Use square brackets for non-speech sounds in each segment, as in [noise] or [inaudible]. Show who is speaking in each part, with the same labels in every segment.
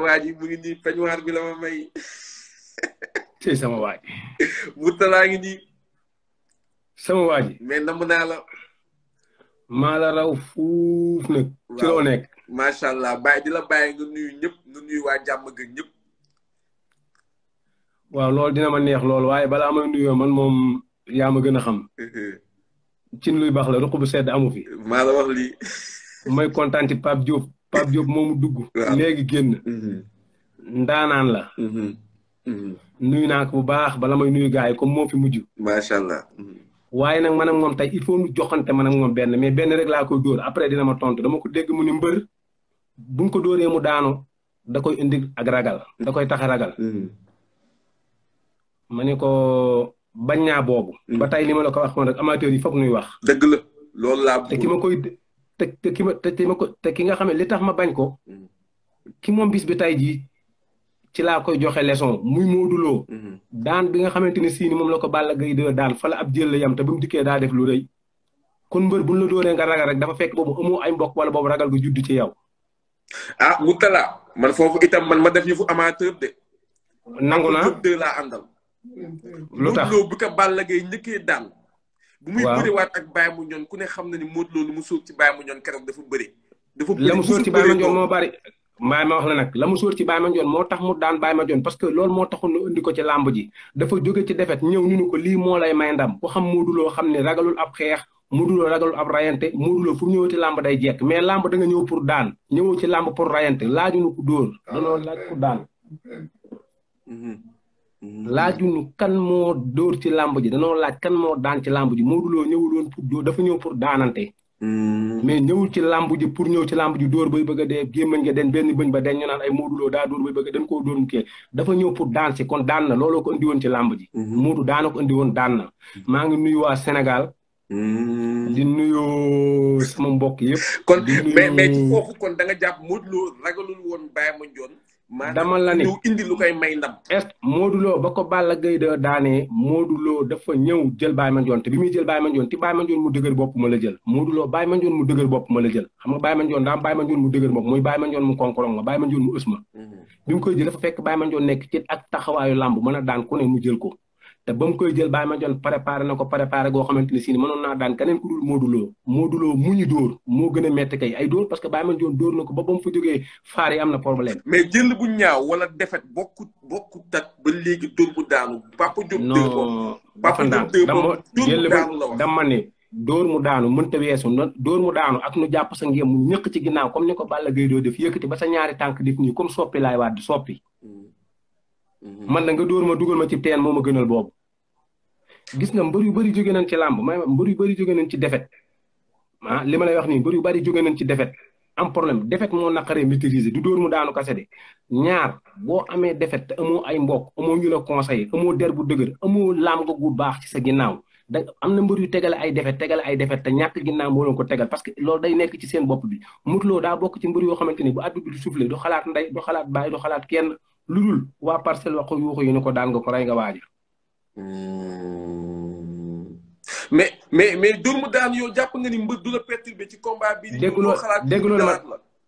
Speaker 1: sama waa ji mu ngi nii peñuwaar bi la ma may. tey sama waa ji. ngi nii. sama waa ji. mais namm naa la. maa la raw fuuf nag. ci loo nekk. macha allah bàyyi di la bàyyi nga nuyu ñëpp nga nuyu waa jàmm ga ñëpp. loolu dina ma neex lool waaye balaa ma nuyoo man moom yaa ma gën a xam. [laughs] cin luy baax la ruq bu sedd amu fi. maa la may kontaan ci Pape Pape Diop mu dugg. léegi génn. Mm-hmm. ndaanaan la. Mm-hmm. Mm-hmm. nuyu naa ko bu baax bala may nuyu gars yi comme moo fi mujj. macha allah. waaye nag man ak moom tey il faut ñu joxante man ak moom benn mais benn rek laa koy dóor après dina ma tontu dama ko dégg mu ni mbër buñ ko dóoree mu daanu da koy indi ak ragal da koy tax a ragal. ma ne ko bañ naa boobu. ba tey li ma la ko wax moom rek amateur yi nuy wax. dëgg la loolu laa. te ki ma koy te te ki ma te ma ko te ki nga xam ne li tax ma bañ ko mm-hmm. ki moom bis bi tey jii ci laa koy joxe leçon muy Modou mm-hmm. daan bi nga xamante ne sii ni moom la ko Balla Gaye de daan fala ab jël la yam te bu mu dikkee daa def lu rëy kon mbër buñ la dóoree nga ragal rek dafa fekk boobu amoo ay mbokk wala boobu ragal gu judd ci yow. ah man foofu itam man ma def yëfu amateur de. nangu naa laa àndal. lu tax Modou Lo bu ko Balla Gaye njëkkee daan. bu muy bëri waat ak Baye mu ñoon ku ne xam na ni Modou Lo lu mu sóor ci Baye mu ñoon keroog dafa bëri dafa bëri la mu sóor ci Baye ma ñoon moo bari maay ma wax la nag la mu sóor ci Baye ma ñoon moo tax mu daan Baye ma ñoon parce que loolu moo taxoon ñu indi ko ci làmb ji dafa jóge ci defet ñëw ñu ne ko lii moo lay may ndam ku xam Modou Lo xam ne ragalul ab xeex Modou Lo ragalul ab rayante Modou Lo fu ñëwee ci làmb day jekk mais làmb da ñëw pour daan ñëwoo ci làmb pour rayante laaju nu ko dóor ah. danoo daan mhm. laajuñu kan moo dóor ci làmb ji danoo laaj kan moo daan ci làmb ji Modou Lo ñëwul woon pour dóor dafa ñëw pour daanante. Mm. mais ñëwul ci làmb ji pour ñëw ci làmb ji dóor bay bëgg a dee gémmañ nga den benn bëñ ba den ñu naan ay Modou Lo daa dóor bay bëgg a den koo dóor mu dafa ñëw pour daan si kon daan na looloo ko indi woon ci làmb ji. Mm-hmm. Modou daana ko indi woon daan na. Mm-hmm. maa ngi nuyu waa Sénégal. Mm-hmm. di nuyu sama mbokk yëpp. kon mais mais ci foofu kon da nga jàpp Modou Lo ragalul woon Baye Mandione dama la ne indi lu koy may ndam. est Modou Lo ba ko Balla Gaye de daanee Modou Lo dafa ñëw jël Baye Mandione te bi muy jël Baye Mandione ti Baye Mandione mu dëgër bopp ma la jël Modou Lo Baye Mandione mu dëgër bopp ma la jël xam nga Baye Mandione daam Baye Mandione mu dëgër bopp muy Baye Mandione mu konkorong ma Baye Mandione mu ës ma mhm. bi mu koy jël dafa fekk Baye Mandione nekk ci ak taxawaayu làmb mën a daan ku mu jël ko te ba mu koy jël Baye Mandione préparé na ko préparé goo xamante ni si mënoon naa daan keneen ku dul Modou Lo Modou moo gën a métti kay ay dóor parce que Baye Mandione dóor na ko ba ba mu fa jógee faar yi am na problème. mais jël bu ñaaw wala defet bokkut bokkut tak ba léegi dóor bu daanu. Papa Diop dóor ko non Papa Diop dóor ko dóor mu daanu la wax mu daanu mënta weesu noonu dóor mu daanu ak nu jàpp sa ngéem mu ñëkk ci ginnaaw comme ni ko Balla Gaye doo def yëkk yëkkati ba sa ñaari tànk def nii comme soppi laay waat di soppi. Mm-hmm. man na nga dóor ma dugal ma ci teen moo ma gënal boobu gis nga mbër yu bëri jóge nañ ci làmb may mbër yu bëri jóge nañ ci defet ah li ma lay wax nii mbër yu bëri jóge nañ ci defet am problème defet moo naqaree maîtriser du dóor mu daanu kase de ñaar boo amee defet te amoo ay mbokk amoo ñu la conseiller amoo der bu dëgër amoo làmb gu baax ci sa ginnaaw da am na mbër yu tegale ay defet tegale ay defet te ñàkk ginnaaw moo leen ko tegal parce que loolu day nekk ci seen bopp bi mutloo daa bokk ci mbër yoo xamante ni bu addu bi du soufflé du xalaat ndey du xalaat bàyyi du xalaat kenn lu dul waa parcelle waxu yuuxu yi ni ko daan nga ko rey nga waajur Hmm. mais mais mais dur mu daan yow jàpp nga ni mbër du la ci combat bi. dégg loo dégg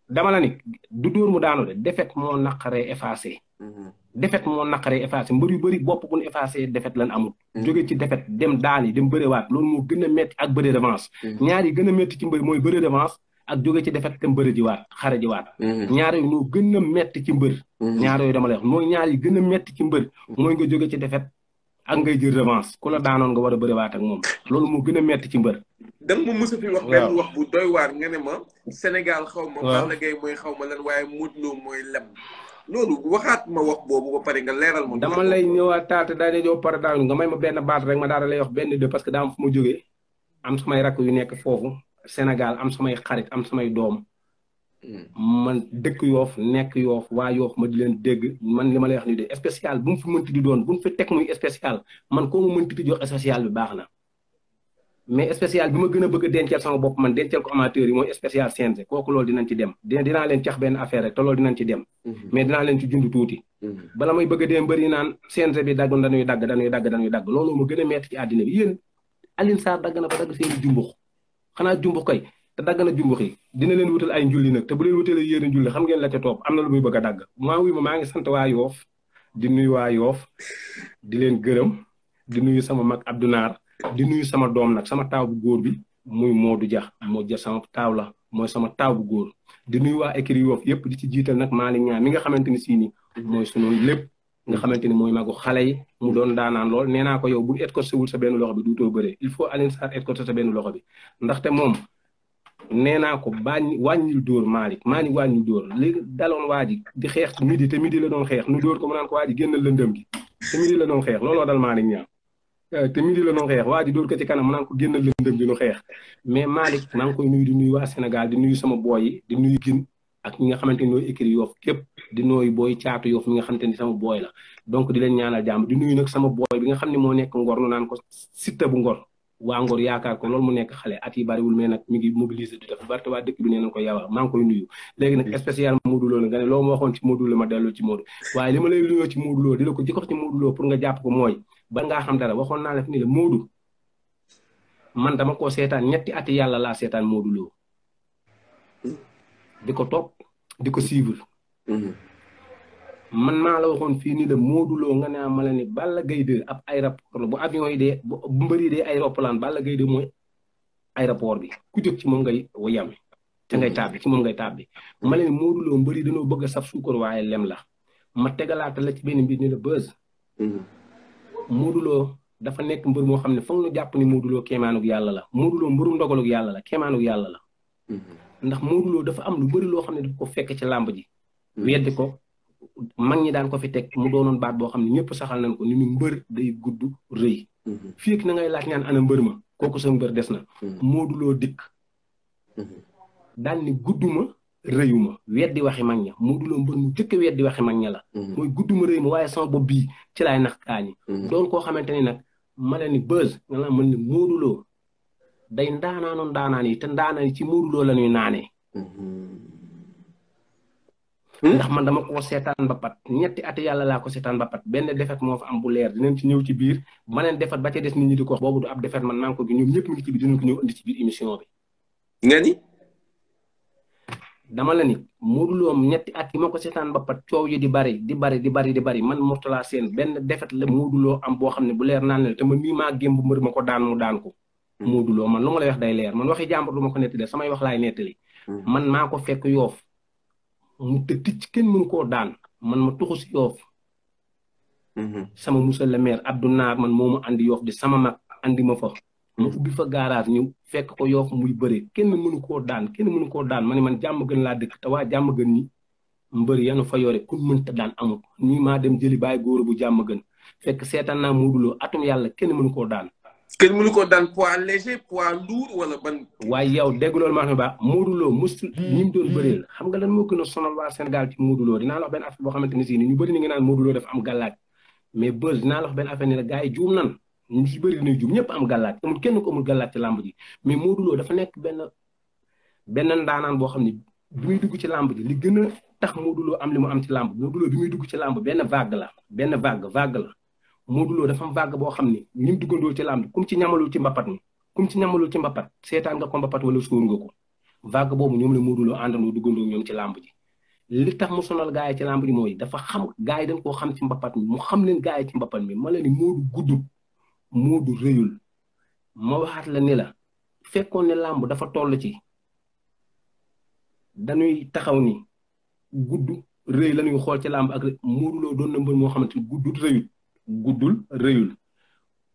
Speaker 1: dama la ni du dóor mu daanu de defet moo naqaree effacé. Hmm. defet moo naqaree effacé mbër yu bëri bopp bu ñu effacé defet lan amul. Hmm. jóge ci defet dem daan yi dem bëriwaat loolu moo gën a métti ak bëri revanche. ñaari yi gën a métti ci mbër mooy bëri revanche ak jóge ci defet dem bëri jiwaat xare jiwaat. ñaar yooyu ñoo gën a métti ci mbër. ñaar yooyu dama lay mooy ñaari yi gën a métti ci mbër. mooy nga jóge ci defet ak ngay jël revanche ku la daanoon nga war a bëriwaat ak moom loolu moo gën a metti ci mbër. da nga ma mës a fi wax benn wax bu doy waar nga ne ma. Sénégal xaw ma. waaw Balla xaw ma lan waaye Modou Lo mooy lem. loolu waxaat ma wax boobu nga leeral ma. dama lay ñëwaat taata daa dañoo pare daaw nga may ma benn baat rek ma daal lay wax benn de parce que daa am fu ma jógee am samay rakk yu nekk foofu Sénégal am samay xarit am samay doom. man dëkk yoof nekk yoof waa yoof ma di leen dégg man li ma lay wax nii de spécial bu mu fi mënti di doon bu mu fi teg muy spécial man koo ma mënti di jox spécial bi baax na mais spécial bi ma gën a bëgg a dencal sama bopp man dencal ko amateur yi mooy spécial CNG kooku loolu dinañ ci dem dinaa leen cax benn affaire rek lool dina dinañ ci dem mhm. mais dinaa leen ci jund tuuti mhm. bala may bëgg a dee mbëri naan CNG bi daggoon dañuy dagg dañuy dagg dañuy dagg loolu ma a metti ci àddina bi yéen Alioune Sarr dagg na ba dagg seen xanaa jumbux kay te dagg na jumbux yi dina leen wutal ay njulli nag te bu leen wutalee yéen a njulli xam ngeen la ca topp am na lu muy bëgg a dagg maa wi ma maa ngi sant waa yoof di nuyu waa yoof di leen gërëm di nuyu sama mag Abdou di nuyu sama doom nag sama taaw bu góor bi muy Modou jax moo ja sama taaw la mooy sama taaw bu góor di nuyu waa écrit yoof yëpp di ci jiital nag Malick Niang mi nga xamante ni sii nii mooy sunu lépp nga xamante ni mooy magu xale yi mu doon daanaan lool nee naa ko yow bu écorché wul sa benn loxo bi du too bëree il faut Alioune Sarr écorché sa benn loxo bi ndaxte moom nee naa ko baañ wàññil dóor Malick maa ni wàññil dóor li daloon waa ji di xeex midi te midi la doon xeex nu dóor ko mu naan waa ji génnal lëndëm gi te midi la doon xeex looloo dal Malick ñaar euh, te midi la doon xeex waa ji dóor ko ci kanam mu naan ko génnal lëndëm gi nu xeex mais Malick maa ngi koy nuyu di nuyu waa Sénégal di nuyu sama booy yi di nuyu gin ak ñi nga xamante ni ñooy écrit yoof képp di nooyu booy caatu yoof mi nga xamante ni sama booy la donc di leen a jàmm di nuyu nag sama booy bi nga xam ne moo nekk ngor nu naan ko sitta bu ngor waa Ngor yaakaar ko loolu mu nekk xale at yi bariwul mais nag ñu ngi mobiliser di def barte waa dëkk bi nee nañ ko yawa maa koy nuyu léegi nag spécial Modou nga ne loo ma waxoon ci Modou Lo ma delloo ci Modou waaye li lay nuyoo ci Modou Lo di la ko jikkox ci Modou Lo pour nga jàpp ko mooy ba ngaa xam dara waxoon naa la fi ni la Modou man dama koo seetaan ñetti ati yàlla laa seetaan Modou Lo hmm. di ko topp di ko suivre hmm. man maa la waxoon fii nii la Modou nga naa ah, ma la ne Balla Gaye 2 ab bu avion yi dee bu mbëri dee aéroplan Balla Gaye 2 mooy aéroport bi ku jóg ci moom ngay yam te ngay tàbbi ci moom ngay tàbbi ma la ne Modou Lo bëgg a saf suukar waaye lem la ma tegalaata benn mbir ni la mm-hmm. dafa nekk mbër moo xam ne foog ñu jàpp ni Modou Lo kéemaanug yàlla la Modou Lo yàlla la kéemaanug yàlla la mm-hmm. ndax Modou dafa am lu bari loo xam ne daf ko fekk ci làmb ji mm-hmm. weddi ko mag ñi daan ko fi teg mu doonoon baat boo xam ne ñëpp saxal nañ ko ni ñu mbër day gudd rëy. Mhm. fii ak na ngay laaj ñaan ana mbër ma kooku sa mbër des na. Mhm. Modou Lo dikk. Mhm. daal ni gudduma rëyuma weddi waxi mag ña Modou Lo mbër mu njëkk a weddi waxi mag ña la. mooy gudduma rëyuma waaye sama bopp bii ci lay nax kaañi. doon koo xamante ni nag ma la ni buzz nga la mën ni Modou Lo day ndaanaanu ndaanaan yi te ndaanaan ci Modou Lo la ñuy naanee. Hmm? ndax man dama koo seetaan ba pat ñetti at yàlla laa ko seetaan ba pat benn defet moo am bu leer dinañ ci ñëw ci biir maneen defet ba ca des nit ñi di ko boobu du ab defet man maa ngi ñu ngi ci biir dinañ ko ñëw indi ci biir émission dama la ni Modou Lo ñetti at yi ma ko seetaan ba pat coow yi di bari di bari di bari di bari man Mourtala Sène benn defet la Modou Lo am boo xam ne bu leer naan la te man mii maa gém bu ma ko daan mu daan ko hmm. Modou Lo man lu ma lay wax day leer man waxi jàmbur lu ma ko nettali samay wax laay nettali hmm. man maa ko fekk yoof mu te ticc kenn mënu koo daan man ma tuxu si yoof mhm. sama monsieur le maire Abdou Naar man moo ma andi yoof di sama mag andi ma fa ma ubbi fa garage ñëw fekk ko yoof muy bëre kenn mënu koo daan kenn mënu koo daan ma ne man jàmm gën laa dëkk te waa jàmm gën ñi mbër yanu fa yore kun mënta daan amul ni maa dem jëli bàyyi góor bu jàmm gën fekk seetaan naa Modou Lo atum yàlla kenn mënu koo daan mu nu ko daan poids léger poids lourd wala ban. waaye yow dégg loolu maa xam ne baax Modou Lo musul hmm. mu doon hmm. bëreel xam nga lan moo gën a sonal waa Sénégal ci Modou benn affaire boo xamante ne si ni bëri ni naan Modou Lo dafa am gàllaaj mais bës dinaa la wax benn affaire ne la gars yi juum ñëpp am gàllaaj amul kenn ko amul galaat ci làmb ji mais Modou Lo dafa nekk benn benn ndaanaan boo xam ne bi muy dugg ci làmb ji li gën a tax Modou am li mu am làmb Modou Lo bi ci làmb benn vague la benn vague vague la Modou Lo dafa am vague boo xam ne lim duggandoo ci làmb kum ci ñamalul ci mbapat mi kum ci ñamalul ci mbapat seetaan nga ko mbapat wala sóor nga ko vague boobu ñoom la Modou Lo àndandoo duggandoo ñoom ci làmb ji li tax mu sonal gars yi ci làmb ji mooy dafa xam gars yi dañ koo xam ci mbapat mi mu xam leen gars ci mbapat mi ma la ni Modou guddul Modou rëyul ma waxaat la ni la fekkoon ne làmb dafa toll ci dañuy taxaw ni gudd rëy la ñuy xool ci làmb ak Modou Lo doon na mbër moo xamante ni guddut rëyut guddul rëyul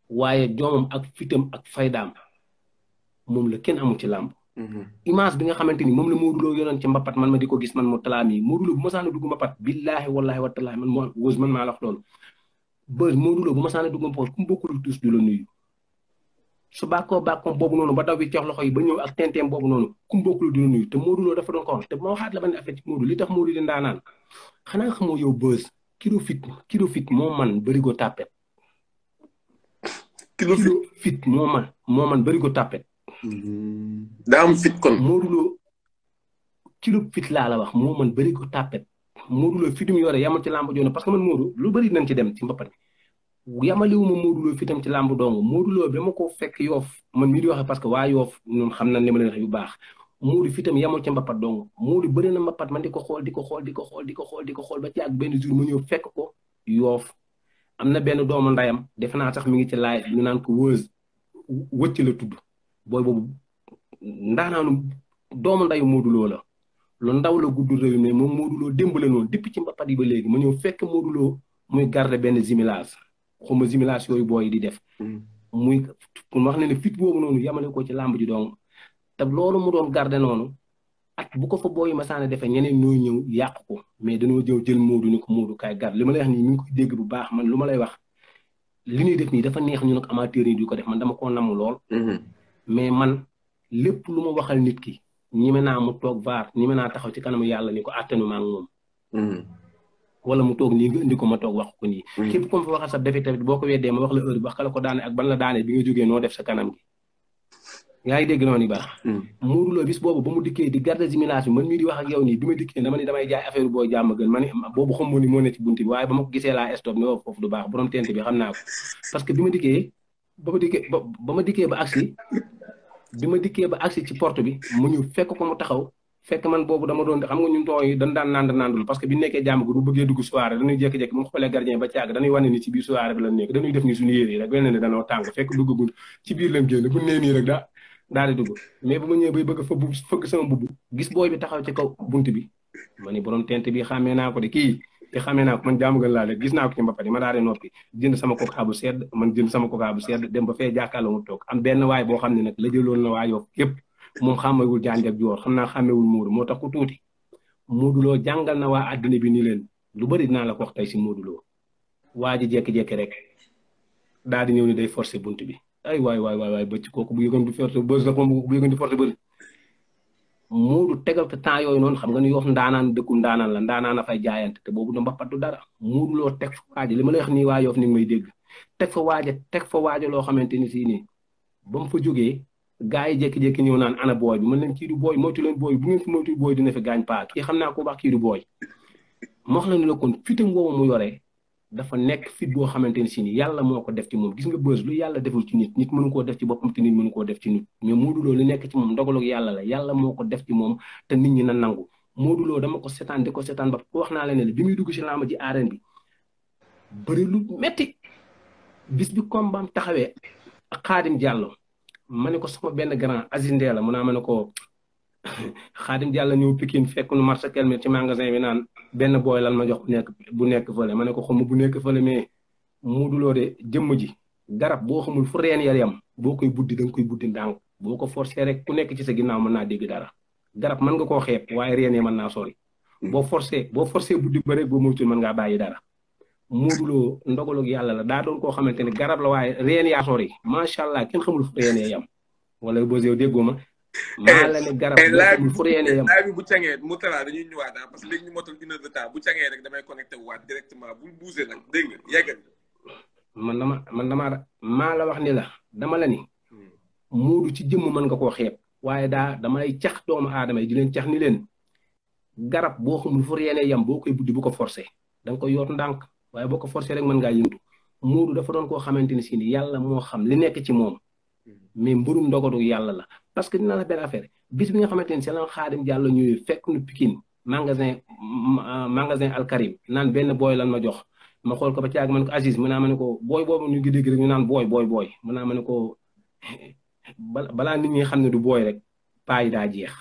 Speaker 1: waaye joomam ak fitam ak faydaam moom la kenn amul ci làmb mhm. image bi nga xamante ni moom la Modou Lo yoroon ci mbapat man ma di ko gis man mu talaam yi Modou Lo bu masaana dugg mbapat billaahi wallaahi wa tallaahi man moo wóos man maa wax loolu bës Modou Lo bu masaana dugg mbapat ku mu bokkul tous du la nuyu su bàkkoo bàkkoom boobu noonu ba daw bi cox loxo yi ba ñëw ak tenteem boobu noonu ku mu bokkul du la nuyu te Modou Lo dafa doon ko te moo waxaat la benn affaire ci li tax Modou di ndaanaan xanaa xamoo yow bës kilo fit kilo fit moo man bërigo tàppet. kilo fit moo man moo man bërigo tàppet. Mm-hmm. daa am fit kon. Modou Lo kilo fit laa la wax moo man bërigo tàppet Modou Lo fitum yore yamal ci làmb joona parce que man Modou lu bëri nañ ci dem ci mbappat yamaliwuma Modou Lo fitam ci làmb dong Modou Lo ba ma ko fekk yoof man mii di waxee parce que waa yoof ñun xam na ni ma yu baax Modou fi tam yamul ci mbapat dong Modou bëri na mbapat man di ko xool di ko xool di ko xool di ko xool di ko xool ba ci ak benn jour mu ñëw fekk ko yoof am na benn doomu ndayam defe naa sax mi ngi ci laay ñu naan ko wëz ci la tudd booy boobu ndaanaanu doomu ndayu Modou Lo la lu ndaw la gudd réew mi moom Modou Lo démb la noonu depuis ci mbapat yi ba léegi mu ñëw fekk Modou Lo muy garder benn similage xuma similage yooyu booy di def mm. muy wax ne ne fit boobu noonu yamale ko ci làmb ji dong te loolu mu doon garder noonu ak bu ko fa boo ma masaane defee ñeneen ñoo ñëw yàq ko mais dañoo jëw jël Moodu ni ko Moodu kaay garder li ma lay wax nii ñu ngi koy dégg bu baax man lu ma lay wax li ñuy def nii dafa neex ñu nag amateurs yi ko def man dama ko namu lool. Mm-hmm. mais man lépp lu ma waxal nit ki ñeme naa mu toog vaar ñeme naa taxaw ci kanamu yàlla ni ko attanu ma ak moom. Mm-hmm. wala mu toog nii nga indi ko ma toog wax ko nii. Mm-hmm. képp ku ma fa waxal sa defi tamit boo ko weddee ma wax la heure bi wax la ko daane bi nga jógee noo def sa kanam gi. yaa ngi dégg noonu ba Modou hmm. Lo bis boobu ba mu dikkee di garde jumelage bi man mii di wax ak yow nii bi ma dikkee dama dikkee ba ma bi ma dikkee ba agsi ci porte bi mu ñu fekk ko mu taxaw fekk man boobu dama doon xam nga ñun tooy dañ daan nand nandul parce que bi nekkee jàmm gu bu bëggee dugg soirée dañuy jékki-jékki bu ñu xoolee ba càgg dañuy wane ni ci biir soirée bi la nekk dañuy def ni suñu rek benn ne danoo tàng fekk duggagul daal di dugg mais bu ma ñëwee bay bëgg fa bu fëgg sama mbubb gis booy bi taxaw ci kaw bunt bi ma ni borom tent bi xàmmee naa ko de kii te xàmmee naa ko man jaamu gën laa leen gis naa ko ci mbapat yi ma daal noppi jënd sama kokaa bu sedd man jënd sama kokaa bu sedd dem ba fee jàkkaarloo mu toog am benn waay boo xam ne nag la jëloon na waay yoo yëpp moom xàmmewul jaan ak joor xam naa xàmmewul muuru moo tax ku tuuti Modou jàngal na waa àddina bi ni leen lu bëri dinaa la ko wax tey si Modou waa ji jékki-jékki rek daal di ñëw ni day forcer bunt bi ay waay waay waay bëcc kooku bu yëgoon di forte bës nag moom bu yëgoon di forte tegal te temps yooyu noonu xam nga ni Yoff ndaanaan dëkku ndaanaan la ndaanaan a fay jaayante te boobu da ba du dara Moodu loo teg fa waaja li ma lay wax nii waa ni ngi may dégg teg fa waaja teg fa waaja loo xamante ni si nii ba mu fa jógee gars yi jékki-jékki ñëw naan ana booy bi mën leen kii du booy moytu leen booy bu ngeen fi moytu booy dina fi gaañ paa kii xam naa ko baax kii booy max wax la ni la kon fitam mu yoree dafa nekk fit boo xamante ne si ni yàlla moo ko def ci moom gis nga bës lu yàlla deful ci nit nit mënu koo def ci boppam te nit mënu koo def ci nit mais Modou Lo lu nekk ci moom ndogalu yàlla la yàlla moo ko def ci moom te nit ñi na nangu Modou Lo dama ko seetaan di ko seetaan ba wax naa leen ne bi muy dugg si laama ji arène bi bëri lu metti bis bi kombaam taxawee ak Xaadim Diallo ma ne ko sama benn grand Aziz Ndee la mun naa ma ne ko xaadim jàlla ñëw pikin fekk nu marché kelmir ci magasin bi naan benn booy lan ma jox bu nekk bu nekk fële ma ne ko xamu bu nekk fa fële mais muuduloo de jëmm ji garab boo xamul fu reen yar yam boo koy buddi da nga koy buddi boo ko forcé rek ku nekk ci sa ginnaaw mën naa dégg dara garab mën nga koo xeeb waaye reen yi mën naa sori boo forcé boo forcé buddi ba rek boo moytul mën ngaa bàyyi dara muuduloo ndogalug yàlla la daa doon koo xamante ne garab la waaye reen yaa sori macha allah kenn xamul fu reen yam wala bose déggoo ma maa eh, la garab eh, eh, bi fu yéene bu cangee mu dañuy ñëwaat ah parce bu cangee rek damay connecté waat directement bu bougé nag dégg nga yeggal man dama maa la wax ni la dama la ni muudu hmm. ci jëmm mën nga koo xeeb waaye daa damay cax doomu aadama yi di leen cax ni leen garab boo xamul fu yéene yem boo koy buddi bu ko forcé da nga koy yoot ndànk waaye boo ko forcé rek mën ngaa yëndu muudu dafa doon koo xamante ne si ni yàlla moo xam li nekk ci moom hmm. mais mburum ndogalu yàlla la parce que dina la benn affaire bis bi nga xamante ni si la Xaadim Diallo ñuy fekk nu Pikine magasin euh, magasin Alkarim naan benn booy lan ma jox ma xool ko ba caag ma ne ko Aziz mu naa ma ko booy boobu ñu ngi dégg rek naan booy booy booy mu naa ma ne ko [laughs] balaa nit ñi xam ne du booy rek paa daa jeex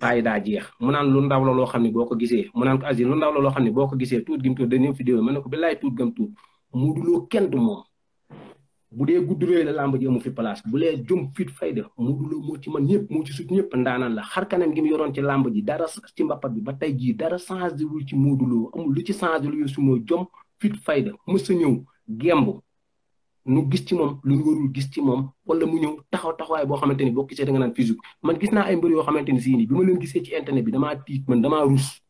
Speaker 1: paa yi daa jeex naan lu ndaw la loo xam ne boo ko gisee mu naan ko Aziz lu ndaw la loo xam ne boo ko gisee tuut gim tuut dañu fi déwé ma ne ko billaay tuut gam tuut mu duloo kenn du moom bu dee gudd rëy la làmb ji amu fi place bu lee jom fit fayda Modou Lo ci man ñëpp moo ci sut ñëpp ndaanaan la xar kanam gi mu yoroon ci làmb ji dara ci mbappat bi ba tey jii dara changé wul ci Modou Lo amul lu ci changé lu su mooy jom fit fayda mës a ñëw gemb nu gis ci moom lu ñu warul gis ci moom wala mu ñëw taxaw taxawaay boo xamante ni boo gisee nga naan physique man gis naa ay mbër yoo xamante ni sii nii bi ma leen gisee ci internet bi damaa tiit man damaa ruus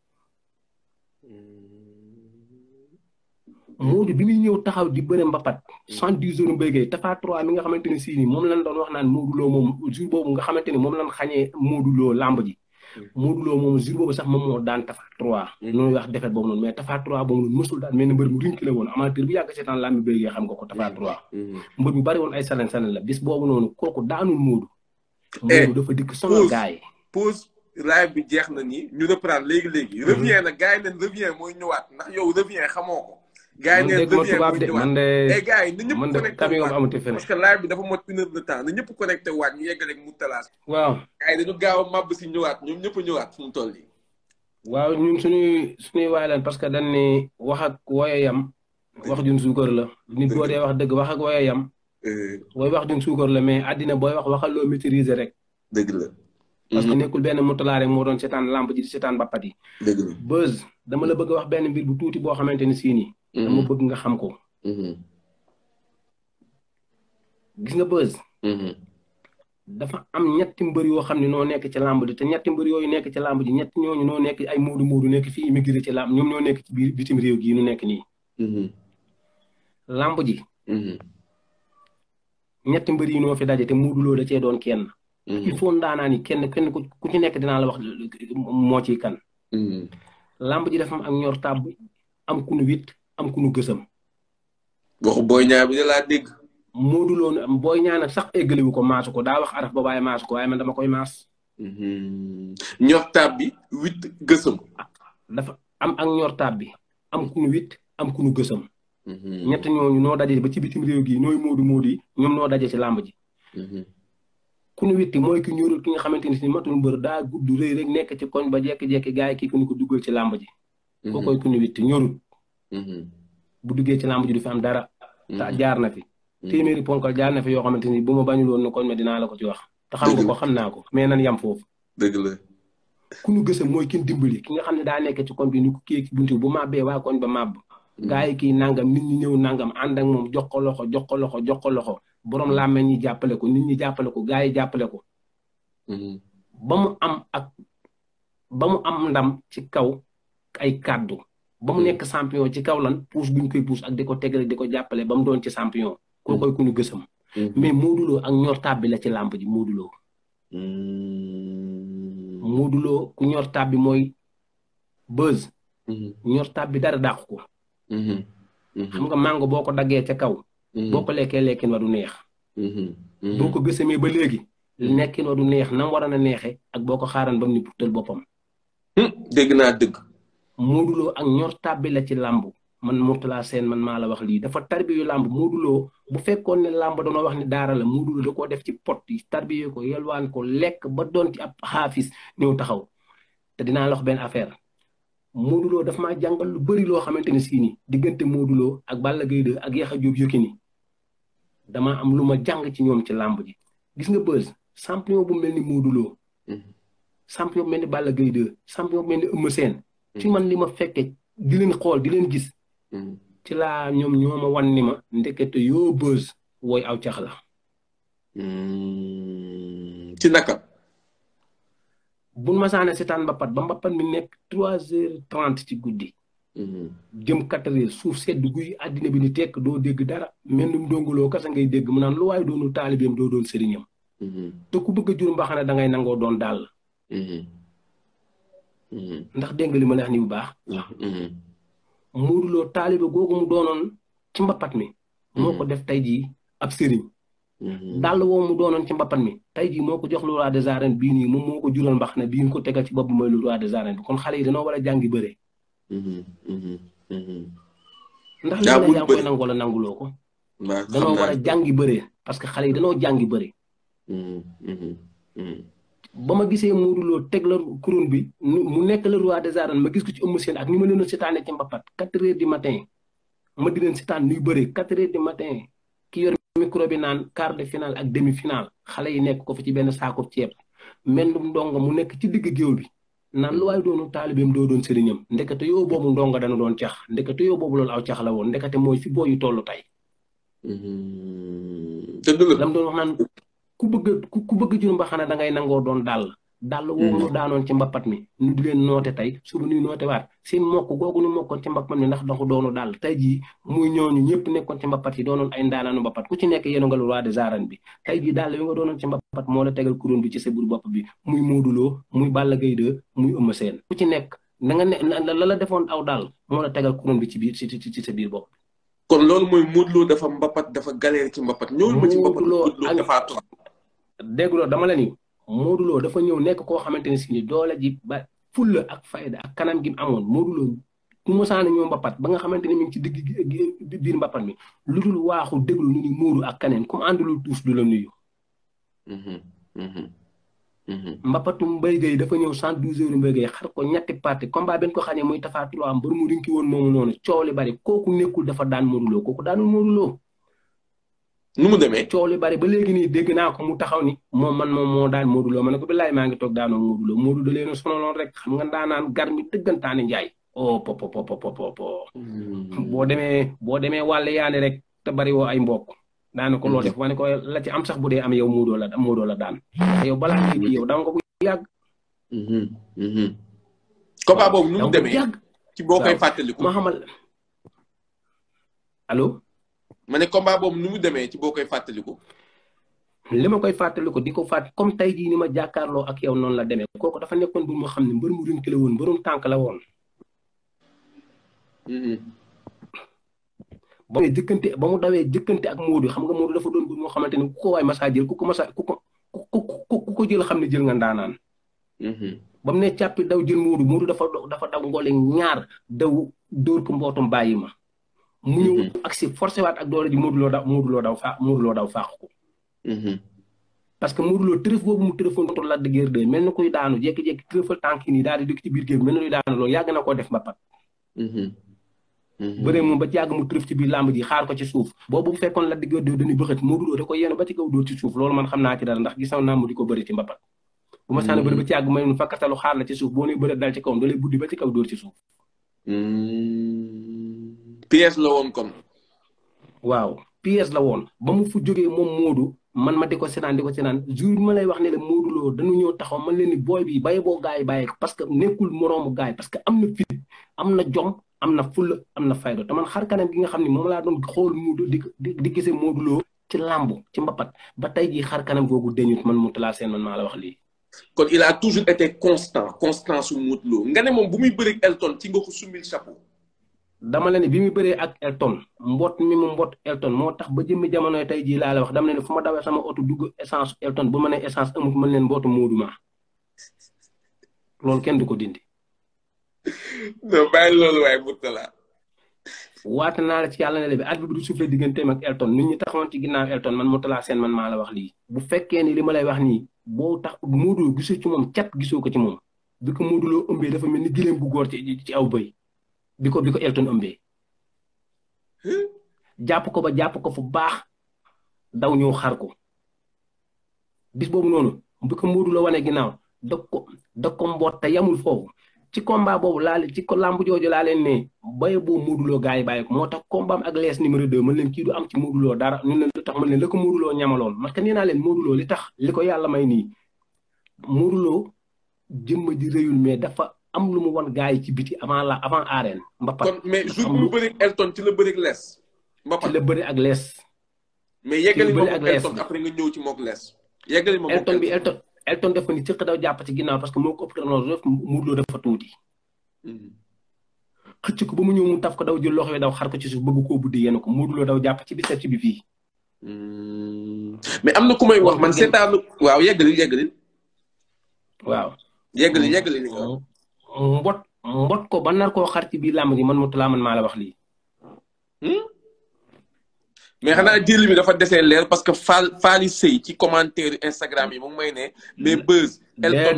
Speaker 1: Modou bi muy ñëw taxaw di bëre mbapat soixante-dix jours mbéygay Tapha 3 mi nga xamante ne sii nii moom lañ doon wax naan Modou Lo moom jour boobu nga xamante ni moom lañ xañee Modou Lo làmb ji Modou Lo moom jour boobu sax moom moo daan Tapha 3 mm. noonu wax defet boobu noonu mais Tapha 3 boobu noonu mësul daan mel ne mbër mu riñ ki la woon bi xam nga ko Tapha 3 mm. mm. mbër bari woon ay salen salen la bis boobu noonu kooku daanul Modou eh, Modou dafa dikk bi jeex gars yi ne deuxième man eh, na ñëpp connecté dafa mot une heure de temps na ñëpp connecté waat ñu yegg rek mu waaw gaaw a màbb si ñëwaat ñoom ñëpp ñëwaat fu mu toll waaw ñun suñuy suñuy waay leen parce que dañ ni wax ak woye yam wax jun suukar la nit boo dee wax dëgg wax ak woye yam booy eh. wax jun suukar la mais àddina booy wax waxal loo maîtriser rek dëgg la parce que mhm. nekkul benn mutala moo doon seetaan lamb ji di seetaan bappat yi. dëgg dama la bëgg a wax benn mbir bu tuuti boo xamante ni sii nii. Mhm. dama bëgg nga xam ko. Mhm. gis nga Beuz. dafa am ñetti mbër yoo xam ne nekk ci lamb ji te ñetti mbër yooyu nekk ci làmb ji ñetti ñooñu noo nekk ay moodu moodu nekk fii immigré ci lamb ñoom ñoo nekk ci biir bitim réew gii ñu nekk nii. lamb ji. ñetti mbër yi noo fi daje te Modou da cee doon kenn. Mm-hmm. il faut ndaanaan kenn kenn ku ci nekk dinaa la wax moo ciy kan. Mm-hmm. làmb ji dafa am ak ñor tàbb am ku nu wit am ku nu gësam. waxu booy ñaar bi de laa dégg. Modou Lo ne booy ñaar nag sax eggaliwu ko maasu ko daa wax araf ba bàyyi maasu ko waaye man dama koy maas. Mm-hmm. ñor tàbb bi wit gësam. dafa am ak ñor tàbb bi am ku nu wit am ku gësëm gësam. ñett ñooñu noo dajee ba ci bitim réew gi nooy Modou Modou yi ñoom noo daje ci làmb ji. ku ñu witti mooy ki ñuurul ki nga xamante ni si matul mbër daa gudd rëy rek nekk ci koñ ba jekki-jekki gars yi kii ku ñu ko duggal ci làmb ji mhm. koy ku ñu witti ñuurul mhm. bu duggee ci làmb ji du fi dara mhm. te jaar na fi téeméeri ponkal jaar na fi yoo xamante ni bu ma bañul woon na koñ ma dinaa la ko ci wax te xam nga ko xam naa ko mais nan yam foofu dëgg la ku ñu gësam mooy kin dimbali ki nga xam ne daa nekk ci koñ bi ni ko kii ci buntu bu màbbee waa koñ ba màbb gars yi kii nangam nit ñi ñëw nangam ànd ak moom jox ko loxo jox ko loxo jox ko loxo borom mm-hmm. làmmeñ ñi jàppale ko nit ñi jàppale ko gars yi jàppale ko. Mm-hmm. ba mu am ak ba mu am ndam ci kaw ay kàddu. ba mu mm-hmm. nekk champion ci kaw lan puus bu koy puus ak di ko tegale di ko jàppale ba mu doon ci champion. koo ku nu gësëm mais Modou ak ñor la ci làmb ji Modou Lo. ku ñor tàbbi mooy buzz. ñor tàbbi dara dàq ko. xam nga mango boo ko daggee ci kaw. Mm-hmm. boo ko lekkee lekkin wa du neex. Mm-hmm. Mm-hmm. boo ko gësëmee ba léegi. lekkin wa du neex nam waroon a neexee ak boo ko xaaraan ba mu ni puutal boppam. Hm, dégg naa dëgg. Modou ak ñor tàbbi la ci làmb man Mourtala Sène man maa la wax lii dafa tarbiyu làmb Modou bu fekkoon ne làmb doona wax ni daara la Modou Lo koo def ci pot yi tarbiyu ko yelwaan ko lekk ba doon ci ab xaafis ñëw taxaw te dinaa la benn affaire. Modou dafa daf maa jàngal lu bëri loo xamante ne sii nii diggante Modou ak Balla ak Yaxa Jóob Yékini dama am lu ma jàng ci ñoom ci làmb ji gis nga bës champion bu mel ni Modou Lo mm-hmm. champion bu mel ni Balla Gaye samp champion bu mel ni Eumeu Sène ci mm-hmm. man li ma fekke di xool di leen gis mm-hmm. ci laa ñoom ñoo ma wan ni ma ndekete yoo bës wooy aw cax la ci naka buñ ma saane seetaan mbappat ba mbappat mi nekk trois heures trente ci guddi Mm-hmm. jëm quatre suuf sedd guy àddina bi ni tekk doo dégg dara mel num donguloo kasa ngay dégg mu naan lu waaye doonu taalibeem doo doon sëriñam mm-hmm. te ku bëgg a jur mbaxana da ngay nangoo doon daal mm-hmm. ndax dégg nga li ma la wax ni bu baax ah, muurloo taalibe googu mu doonoon ci mbappat mi moo ko def tey jii ab sëriñ dàll woo mu doonoon ci mbappat mi tey jii moo ko jox lu roi des arènes bii nii moom moo ko jural mbaxana bii ñu ko tegal ci bopp mooy lu roi des arènes bi kon xale yi danoo war a jàngi bëre Mm-hmm. Mm-hmm. Mm-hmm.
Speaker 2: ndax yaa ngi koy
Speaker 1: nangu wala nanguloo ko. waaw danoo war a jàngi parce que xale yi jàng yi bëre. ba ma gisee mu Lo teg la couronne bi mu nekk le roi des arènes ma gis ko ci Eumeu Sène ak ni ma leen doon seetaanee ci Mbapat quatre heures du ma di leen seetaan nuy bëre quatre heures matin ki yor micro bi naan quart de finale ak demi finale xale yi nekk ko fi ci benn saako ceeb mendum ndongo mu nekk ci digg géew bi. naan lu waaye doonu taalibeem doo doon sëriñam ndekete yoo boobu ndongo dana doon cax ndekete yoo boobu loolu aw cax la woon ndekete mooy fi booyu tollu tey. Mm-hmm. dëgg la doon wax ku bëgg ku bëgg jur mbaxana da ngay nangoo doon dàll dàll woowu hmm. daanoon ci mbappat mi nu di leen noote tey suba nuy noote waat seen mokk googu nu mokkoon ci mbappat mi ndax daxu doonu dàll tey jii muy ñooñu ñëpp nekkoon ci mbappat yi doonoon ay ndaanaanu mbappat ci nekk yéen nga roi des bi tey jii dàll wi nga doonoon ci la tegal kuréel bi ci sa bur bopp bi muy Modou Lo muy Balla Gaye 2 muy ci nekk da nga ne la la defoon aw daal moo la tegal kuréel bi ci biir ci sa biir bopp kon loolu mooy Modou Lo dafa mbappat dafa galère ci mbappat ñëwul ma ci mbappat Modou Lo dama la ni Modou Lo dafa ñëw nekk koo xamante ne si ni doole ji ba fulla ak fayda ak kanam gi mu amoon Modou Lo ku mosaan ñëw mbapat ba nga xamante ne mi ngi ci digg biir mbapat mi lu dul waaxu déglu ñu ni Modou ak keneen comme àndulul tuus du la nuyu. Mhm, mhm, mhm. mbapatum Mbaye Gueye dafa ñëw cent douze heures Mbaye Gueye xar ko ñetti parti combat benn ko xañee muy Tapha Tine am mbër mu rinki woon moomu noonu coow li bari kooku nekkul dafa daan Modou ko kooku daan Modou Lo nu mu demee coow li bari ba léegi nii dégg naa ko mu taxaw ni moom man moom moo daan Modou Lo ma ne ko billaay maa ngi toog daanoo Modou Lo leen a sonaloon rek xam nga daanaan gar mi dëggantaane njaay oh po po po po hmm. boo demee boo demee wàll yaani rek te bari woo ay mbokk daana ko loo hmm. def ma ko la ci am sax bu dee am yow Modou la la daan yow balaa léegi yow danga ko bu yàgg hmm, combat boobu nu mu demee ci boo koy fàttaliku ma xamal allo ma ne combat boobu nu mu demee ci boo koy fàttaliku. li ma koy fàttaliku di ko fàtt comme tey jii ni ma jàkkaarloo ak yow noonu la demee kooku dafa nekkoon bu ma xam ne mbër mu rinkile woon mbërum tànk la woon. Mm-hmm. ba mu dawee jëkkante ak Modou xam nga Modou dafa doon mbër moo xamante ne ku ko waay massa jël ku ko massa ku ku ko jël xam ne jël nga ndaanaan. Mm-hmm. bam ne càppi daw jël Modou Modou dafa dafa daw ngoole ñaar daw dóor ko mbootum bàyyi ma. mu ñëw mhm. ak si forcé waat ak doole ji Modou Lo daw Modou Lo daw faa Modou Lo daw ko. Mhm. parce que Modou Lo tërëf boobu mu tërëfoon contre Lac de mel na koy daanu jékki-jékki tërëfal tànk yi nii daal di na luy yàgg na koo def mbapat. Mhm. bëree moom ba ci yàgg mu tërëf ci biir làmb ji xaar ko ci suuf boobu fekkoon Lac de Guiers 2 dañuy bëxët Modou Lo da koy yéene ba ci loolu man xam naa ci dara ndax gisoon naa mu di ko bëri ci mbapat. bu ma sànni ba ci yàgg may fakkatalu xaar la ci suuf boo nee bëri dal ci kawam da buddi ba ci kaw dóor ci suuf pièce la woon kon. waaw pièce la woon ba mu fu jógee moom Moodu man ma di ko seetaan di ko jour ma lay wax ne la Moodu Lo ñëw taxaw man leen ni booy bi bàyyi boo gaay yi bàyyi parce que nekkul moroomu gaay parce que am na fit am na jom am na fulla am na fayda te man xar kanam gi nga xam ne moom laa doon xool Moodu di di gisee Moodu Lo ci làmb ci mbapat ba tey jii xar kanam googu deñut man Mourtalla Sène man maa la wax lii. kon il a toujours été constant constant moom bu muy bëri ci nga ko sumil dama leen bi mu bëree ak Elton mboot mi mu mbot Elton moo tax ba jëmmi jamonoy tey jii laa la wax dama la ne fu ma dawee sama oto dugg essence Elton bu ma nee essence amut mën leen mbootu Modou loolu kenn du ko dindi. [laughs] non bàyyi naa la ci yàlla ne la at bi du la digganteem ak Elton nit ñi taxawoon ci ginnaaw Elton man talaa seen man maa la wax lii. bu fekkee ni li ma lay wax nii boo tax Modou gisoo ci moom cat gisoo ko ci moom bi ko Modou Lo ëmbee dafa mel ni gileem bu góor ci ci aw bëy bi ko bi ko Elton ëmbee hmm? jàpp ko ba jàpp ko fu baax daw ñëw xar ko bis boobu noonu bu ko Modou Lo wane ginnaaw da ko da ko mboot te yamul foofu ci kombaa boobu laa ci ko làmb jooju laa leen ne bay boo Modou Lo gars yi bàyyi moo tax combat am ak lees numéro 2 mën leen kii du am ci Modou dara ñu ne tax mën leen la ko Modou Lo ñamaloon parce que nee naa leen Modou li tax li ko yàlla may nii Modou Lo ji réyul mais dafa. am lu mu wan gars yi ci biti avant la avant arène. Mbapat kon mais jour mu bëri Elton ci la bëri ak lees. Mbapat ci la bëri ak lees. mais yeggali moom ak Elton après nga ñëw ci moog lees. yeggali moom Elton bi Elton def ko ni cëq daw jàpp ci ginnaaw parce que moo ko ëpp chronologie Modou Lô dafa tuuti. Mm-hmm. xëcc ba mu ñëw mu taf ko daw jël loxo yi daw xar ko ci suuf bëgg koo buddi yéen ko Modou Lô daw jàpp ci bi set bi fii. Mm-hmm. am na ku may wax man seetaanu. waaw yeggali yeggali. waaw yeggali yeggali li nga mbot mbot ko ba nar koo xar ci biir làmb ji man Mourtalla man maa la wax lii. Hmm? mais xanaa jël bi dafa desee leer parce que Fall Faly Sey ci commentaire Instagram yi mu ngi may ne. mais hmm. buzz. Elton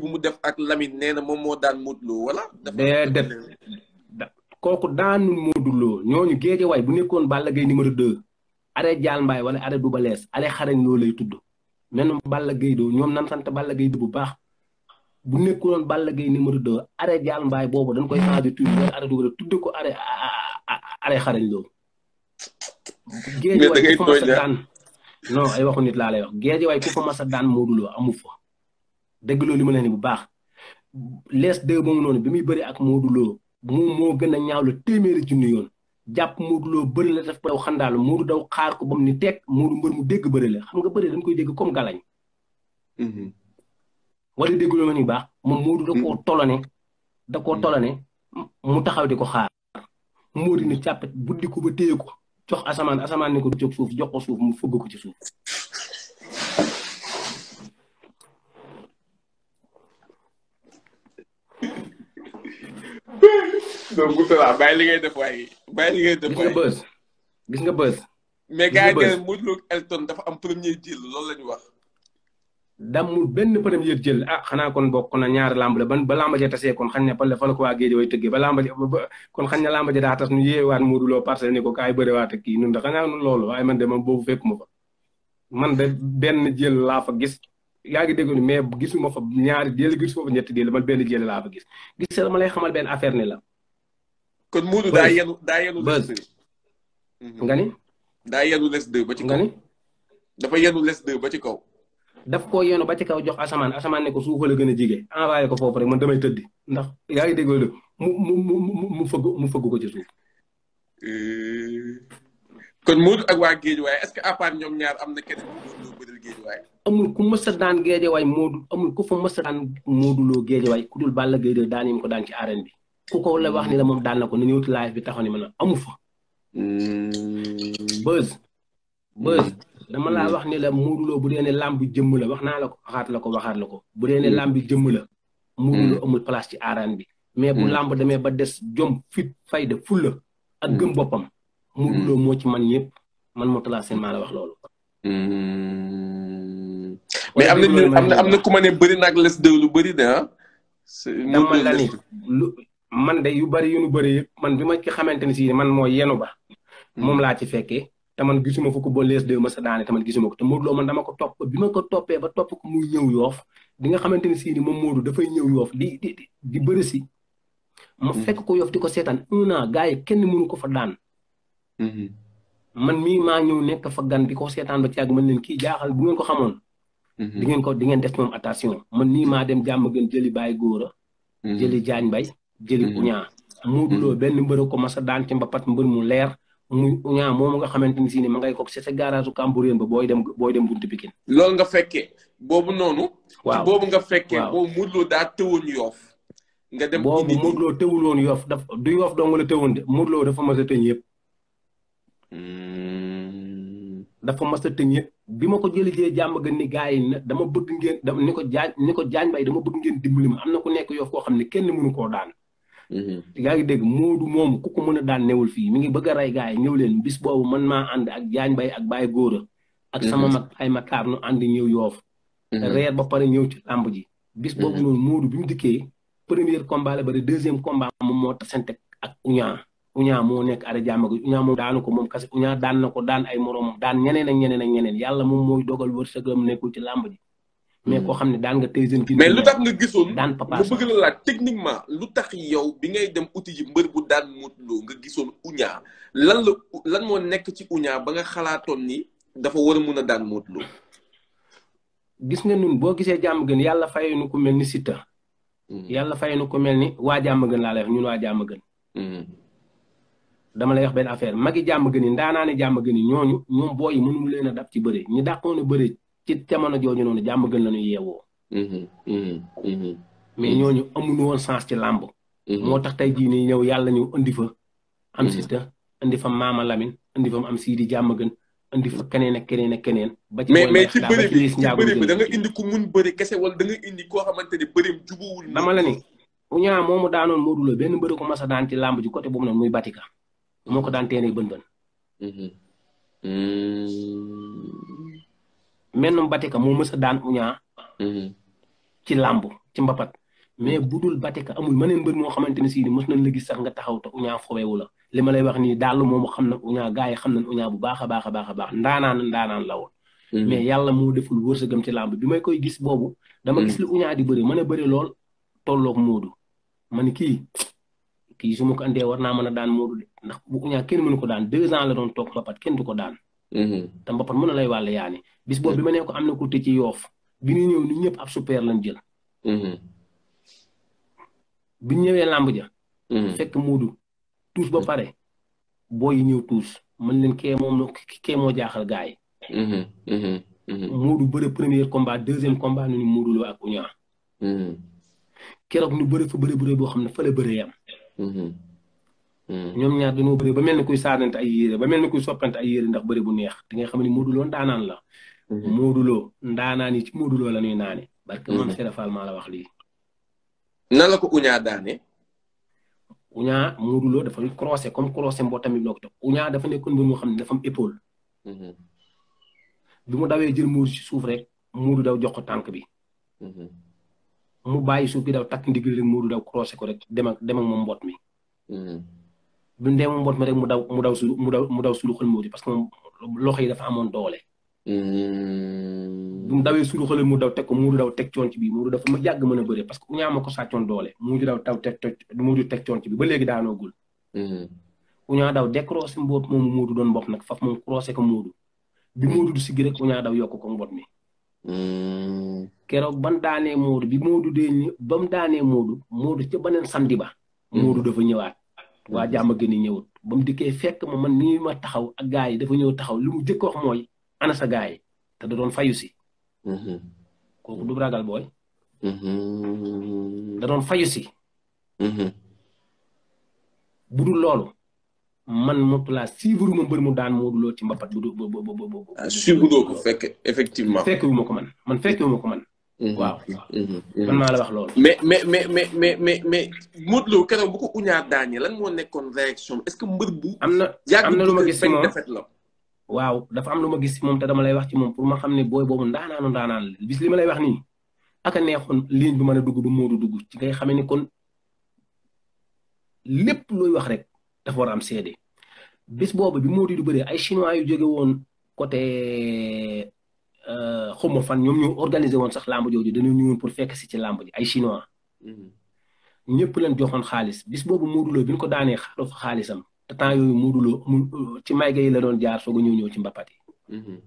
Speaker 1: bu mu def ak Lamine nee na moom moo daan Modou Lo wala. déedéet kooku daanu Modou Lo ñooñu géeje waay bu nekkoon Balla Gaye numéro 2. are Jaal Mbaay wala are Duba Lees are xarañ loo lay tudd. menum Balla Gaye doo ñoom nan sant Balla Gaye bu baax. bu nekkuloon Balla Gaye numéro 2 arrêt Dial boobu dañ koy changé tur bi arrêt Louga tudde ko arrêt arrêt xarañ loolu. Ah. ku fa mas a daan non laa lay wax géej waay ku fa daan Modou amu fa. dégg loolu li ma leen ni bu baax les deux moomu noonu bi muy bari ak Modou Lo moo gën a ñaaw la téeméeri junni yoon jàpp Modou Lo bëri la def xandaalu Modou daw xaar ko ba mu ni teg Modou mbër mu dégg bëri la xam nga bëri dañ koy dégg kom galañ. Mm-hmm. wala dégguloo ma ni baax moom Moodu da koo mm. tolone da koo mm. tolone mu taxaw di ko xaar Moodu ni càppet buddi ko ba téye ko asamaan asamaan ne ko jóg suuf jox ko suuf mu fëgg ko ci suuf nga bës gis nga bës mais gars yi Modou Lo ak Elton dafa am premier deal loolu la wax damul benn premier jël ah xanaa kon bokk na ñaari làmb la ban ba làmb ja tasee kon xañ ne pale fa la ko waa géej way tëggee ba làmb ja kon xañ ne làmb ja daa tas ñu yeewaat Modou Lo parcelle ni ko kaay bëriwaat ak kii nun da xanaa nun man de benn jël laa fa gis yaa ngi dégg mais gisuma fa ñaari jël gisuma fa ñetti jël man benn jël laa fa gis gis dama lay xamal benn affaire ni la kon Modou daa yenu daa yenu les deux nga ni daa yenu les ba ci kaw nga ni dafa yenu les ba ci kaw daf koo yéeno ba ci kaw jox a a asamaan ne ko suufa la gën a jige envoyé ko foofu rek man damay tëddi ndax yaa ngi dégg mu mu mu mu fëgg mu fëgg ko ci suuf. Hmm. kon Modou ak waa Géejawaay est-ce que à part ñoom ñaar am na keneen Modou Lo bëril Géejawaay amul ku mës a daan Géejawaay Modou amul ku fa mës a daan Modou Lo ku dul Balla Gaye de daan yi ko daan ci arène bi ku ko la wax ni la moom daan na ko na ñëwti live bi taxaw ni ma na amu fa hmm. buzz buzz dama laa wax ni la Modou bu dee ne làmb jëmm la wax naa la ko waxaat la ko waxaat la ko bu dee ne hmm. làmb jëmm la
Speaker 2: hmm. amul
Speaker 1: place ci arène bi mais bu hmm. làmb demee ba des jom fit fayda fulla ak gëm boppam moo ci man ñëpp man moo talaa seen maa la wax loolu am
Speaker 2: na am na am na ku ma ne
Speaker 1: bëri nag les de ah. man de yu bëri yu nu bëri yëpp man bi ma ci xamante ni si man moo yenu ba moom laa ci fekkee te gisuma fu ko ba lees de ma sa daane te man gisuma ko te Modou Lo man dama ko topp bi ma ko toppee ba topp ko muy ñëw yoof di nga xamante ne sii ni moom Modou dafay ñëw yoof di di bëri si. ma mm-hmm. fekk ko yoof di ko seetaan un an yi kenn mënu ko fa daan. Mm-hmm. man mii maa ñëw nekk fa gan di ko seetaan ba ci ak man leen ki jaaxal bu ngeen ko xamoon. Mm-hmm. di ngeen ko di ngeen def moom attention man nii maa dem jàmm gën jëli Baye Góora. jëli jaañ bay jëli Ouña. Modou Lo benn mbër ko mas a daan ci mbapat mbër mu leer. mu ñaa moom nga xamante ni si ne ma ngay ko sa garage Cambérène ba booy dem booy dem buntu Pikine loolu nga fekkee boobu noonu. waaw boobu nga fekkee. waaw boobu Modou Lo daa tëwoon yoof nga dem boobu Modou Lo woon yoof daf du yoof dong la tëwoon de Modou dafa mas a tëñ yëpp. Hmm. dafa mas a yëpp bi ma ko jëlee jee jàmm gën ni gars yi dama bëgg ngeen ni ko jaañ ni ko jaañ bay dama bëgg ngeen dimbali ma am na ku nekk yoof koo xam ne kenn mënu koo daan. Mhm. yaa ngi dégg Moodu moom ku ko mën a daan newul fii mi ngi bëgg a rey gars yi ñëw leen bis boobu man maa ànd ak jaañ bay ak baay Góora ak mhm. sama mag ay makaar nu ànd ñëw yoof mhm. reer ba pare ñëw ci làmb ji bis boobu noonu Moodu bi mu dikkee premier combat la bari deuxième combat moom moo tasante ak uñaa uñaa moo nekk ara jàmm gi uñaa moom daanu ko moom kase uñaa daan na ko daan ay moroomam daan ñeneen ak ñeneen ak ñeneen yàlla moom mooy dogal wërsëgam nekkul ci làmb ji mais koo xam ne daan nga tey jeunes. mais lu tax nga gisoon daan papa mu bëgg la laaj techniquement lu tax yow bi ngay dem uti ji mbër bu daan motuloo nga gisoon uñaa lan la lan moo nekk ci uñaa ba nga xalaatoon ni dafa war a mun a daan motuloo. gis nga nun boo gisee jàmm gën yàlla fay nu ko mel ni Siteu. Hmm. yàlla fay nu ko mel ni waa jàmm gën laa lay wax waa jàmm gën. Hmm. dama lay wax benn affaire magi jàmm gën yi ndaanaane jàmm gën yi ñooñu ñoom booy yi mënuñu leen a dab ci bëre ñi dàqoon a ci jamono jooju noonu jàmm gën la ñu yeewoo. Mm-hmm. Mm-hmm. Mm-hmm. mais ñooñu amuñu woon sens ci làmb. moo tax tey jii nii ñëw yàlla ñu andi fa.
Speaker 2: am sista
Speaker 1: andi fa maama Lamine andi fa am siidi jàmm gën andi fa keneen ak keneen ak keneen. ba ci mais bi ci bëri bi da nga indi ku mun bëri kese wala da indi ko xamante ni bërim jubuwul. dama la ni uñaa moomu daanoon Modou Lo benn mbëri ko masa daan ci làmb ji côté boobu noonu muy Batika moo ko daan teenee bën bën. mennum Batika moo mës a daan uñaa mhm. ci làmb ci mbapat mais bu dul Batika amul mëneen mbër moo xamante ne sii ni mos nañ la gis sax nga taxaw te uñaa fowewu la li ma lay wax nii daal moom xam na uñaa gars yi xam nañ uñaa bu baax a baax a baax a baax ndaanaan ndaanaan la woon mhm. mais yàlla moo deful wërsëgam ci làmb bi may koy gis boobu dama gis mhm. lu uñaa di bëri mën a bëri lool tolloog Moodu ma ni kii kii su ko andee war naa mën a daan Moodu de ndax bu uñaa kenn mënu ko daan deux la doon toog kenn du ko daan Mm-hmm. te mbappat mën na lay wàll yaani bis boobu bi ma mm-hmm. nee ko am na ku tëj ci yoof bi ñu ñëw ni ñëpp ab super lañ jël mm-hmm. bi ñu ñëwee làmb ja fekk muudu tuus ba pare booy ñëw tuus mën leen kee moom kee moo jaaxal gars yi muudu bëre premier combat deuxième combat nu ñu muudu la ak uñaa keroog ñu bëre fa bëre boo xam ne fa la bëre yam Hmm. ñoom ñaar dañoo bëri ba mel ni kuy saanante ay yére ba mel ni kuy soppante ay yére ndax bëri bu neex di nga xam ne Modou Lo ndaanaan la. Hmm. Modou Lo yi ci Modou Lo la ñuy naane. parce que man Serap Fall la wax lii. nan la ko uñaa daane. uñaa Modou Lo dafa croisé comme croisé mbootamit loo ko jox dafa nekkoon mbir moo xam ne dafa am épaule. Hmm. mu dawee jël muur ci suuf rek Modou daw jox ko tànk bi. mu bàyyi suuf bi daw takk ndigli rek Modou daw croisé ko rek dem ak dem mboot mi. du ndee moom mboot ma rek mu daw mu daw sulu mu daw mu daw suluxal mooti parce que moom loxo yi amoon doole mm-hmm. bu mu dawee suluxal mu daw teg ko daw teg coon ci bi muuru dafa yàgg mën a bëre parce que uñaa ma ko sàccoon doole muuru daw taw teg muuru teg coon ci bi ba léegi daanoogul mm-hmm. uñaa daw décroché mboot moom mu muuru doon mbopp nag faf moom croisé ko muuru bi muuru mm-hmm. du sigg rek uñaa daw yokk ko mboot mi keroog ban daanee muuru bi muuru dee ba mu daanee muuru muuru ca beneen samedi ba muuru dafa ñëwaat waa jàmm gën a ñëwut ba dikkee fekk ma man nii ma taxaw ak gars yi dafa ñëw taxaw lu mu jëkk wax mooy ana sa gars yi te da doon fayu si. du ragal booy. da fayu si. bu dul loolu man Mourtalla suivre ma mbër mu daan Modou Lo ci mbapat bu du. suivre doo ko fekk effectivement. fekk wu ma ko man man fekkee wu ma ko man. Mm-hmm. waaw mm-hmm. man maa la wax loolu. mais mais mais mais mais mais mais Modou Lo keroog bu ko uñaar daañee lan moo nekkoon réaction est-ce que mbër bu. am na am na lu ma gis si moom la. waaw dafa am lu ma gis si moom te dama lay wax ci moom pour ma xam ne booy boobu ndaanaanu ndaanaan la bis li ma lay wax nii. aka neexoon ligne bi mën a dugg ba Modou dugg ci ngay xamee ni kon lépp looy wax rek dafa war a am seede bis boobu bi Modou du bëree ay chinois yu jóge woon côté. Euh, xawma fan ñoom ñu organisé woon sax làmb jooju dañoo ñëwoon pour fekk si ci làmb ji ay chinois. Mm-hmm. ñëpp leen joxoon xaalis bis boobu Modou Lo bi ñu ko daanee xaalisam te temps yooyu Modou Lo mu euh, ci mayga yi la doon jaar soog a ñëw ñëw ci mbapat yi. Mm-hmm.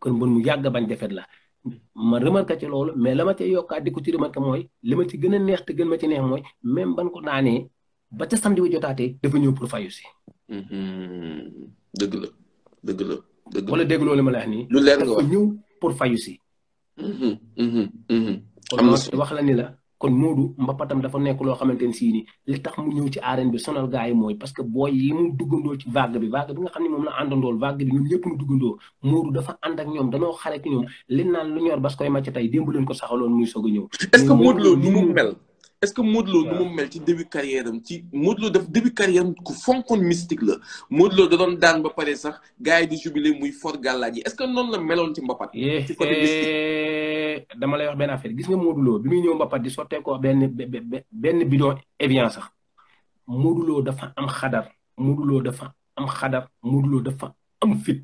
Speaker 1: kon bon mu yàgg bañ defet la. ma remarqué ci loolu mais la ma cay yokkaat di ko ci remarqué mooy li ma ci gën a neex te gën ma ci neex mooy même ban ko daanee ba ca samedi wu jotaatee dafa ñëw pour fayu si. Mm-hmm. dëgg la dëgg la. wala dégloo li ma la wax nii. lu leer nga wax ñëw pour fayu si. Mhm, mhm, mhm. am na kon wax la ni la. kon Modou mbapatam dafa nekk loo xamante ne sii nii li tax mu ñëw ci arène bi sonal gaa yi mooy parce que booy yi mu duggandoo ci vague bi vague bi nga xam ne moom la àndandool vague bi ñun ñëpp ñu duggandoo Modou dafa ànd ak ñoom danoo xare ñoom li naan lu ñor bas koy màcc tey démb leen ko saxaloon muy soo a ñëw. est que Modou Lo ni mel. est-ce que Modou Lo mu mel ci début carrière am ci Modou Lo daf début carrière am ku fonkoon mystique la Modou Lo da daan ba pare sax gars yi di jubilé muy for gàllaaj yi est que noonu la meloon ci mbapat ci eh, dama lay wax benn affaire gis nga Modou bi muy ñëw mbapat di sottee ko benn benn bidon Evian sax Modou dafa am xadar Modou Lo dafa am xadar Modou Lo dafa am fit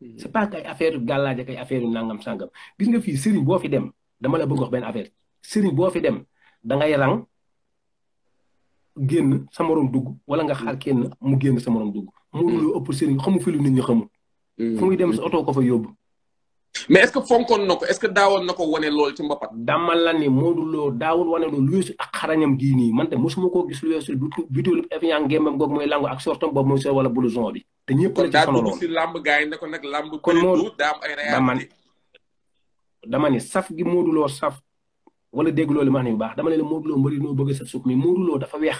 Speaker 1: hmm. c'est pas que ay affaire gàllaaj ak ay yu nangam sangam gis nga fi sëriñ boo fi dem dama la bëgg wax benn affaire sëriñ boo fi dem da ngay rang génn sa morom dugg wala nga xaar mm. kenn mu génn sa morom dugg. Mm. mënuloo ëpp sëriñ xamu fi lu nit ñi xamul. Mm. muy dem sa oto ko fa yóbbu. mais est ce que fonkoon na est ce que daawoon na ko wane lool ci mbapat. dama la ni Modou Lo daawul wane lool lu weesu ak xarañam gii nii man te mosuma koo gis lu weesu bitéelu Evian ngémbam goog mooy langu ak sortam boobu mooy sol wala blouson bi. te ñëpp la ci sonaloon kon làmb gars yi ne ko nag làmb. kon Modou dama ni saf gi Modou Lo saf wala dégg loolu maa bu baax dama ne la Modou Lo mbëri noo bëgg sa suuf mais Modou dafa weex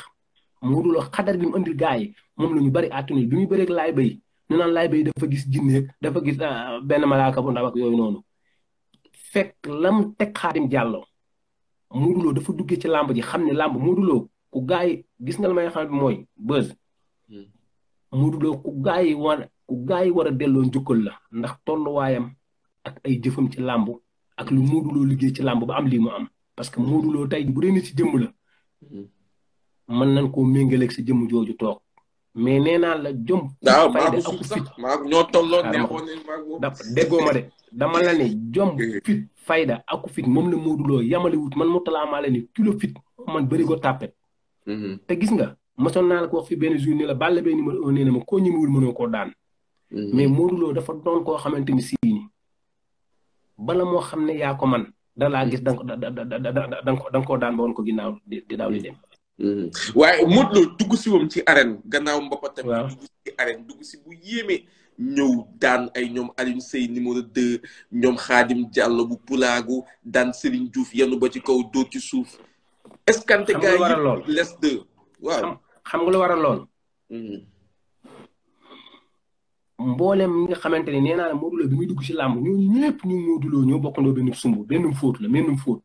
Speaker 1: Modou Lo xadar bi mu andil gars yi moom la ñu bëri àttuni bi muy bëreeg laay bay ñu laay bay dafa gis jinneeg dafa gis ah, benn malaaka bu ndaw yooyu noonu fekk lam teg xaadim jàllo Modou dafa duggee ci làmb ji xam ne làmb Modou Lo ku gars yi gis nga la may xam mooy buzz hmm. Modou ku gars yi war ku gars yi war a delloo njukkal la ndax tolluwaayam ak ay jëfam ci làmb ak lu Modou Lo liggéey ci làmb ba am lii mu am parce que Modou Lo tey bu dee nit si jëmm la mën nañ koo méngaleeg sa jëmm jooju toog mais nee naa la jom. waaw maa ko [laughs] fit fayda aku fit moom la Modou Lo man mu talaamaale kilo fit man bëri ko tàppet. Mhm. te gis nga mosoon naa la ko wax fi benn jour ni la Balla Gaye nee na ma koo ñëmewul mënoo koo daan. Mhm. mais Modou dafa doon koo xamante ni sii bala moo xam ne yaa ko man da laa gis mm-hmm. da nga ko daan ba woon ko ginnaaw di di daaw di mm-hmm. waaye Modou Lo dugg si ci arène gannaaw Mbapha tamit. waaw dugg si bu yéeme. ñëw daan ay ñoom Alioune Seye numéro 2 ñoom Khadim Diallo bu Pulaagu daan Serigne juuf yenn ba ci kaw dóor ci suuf. est-ce que. xam lool les deux waaw. xam nga la waral lool. Mm-hmm. mboolem ñi nga xamante ne nee naa la Modou Lo bi muy dugg ci làmb ñooñu ñëpp ñu Modou Lo ñoo bokkandoo benn sumb benn fóot la benn fóot.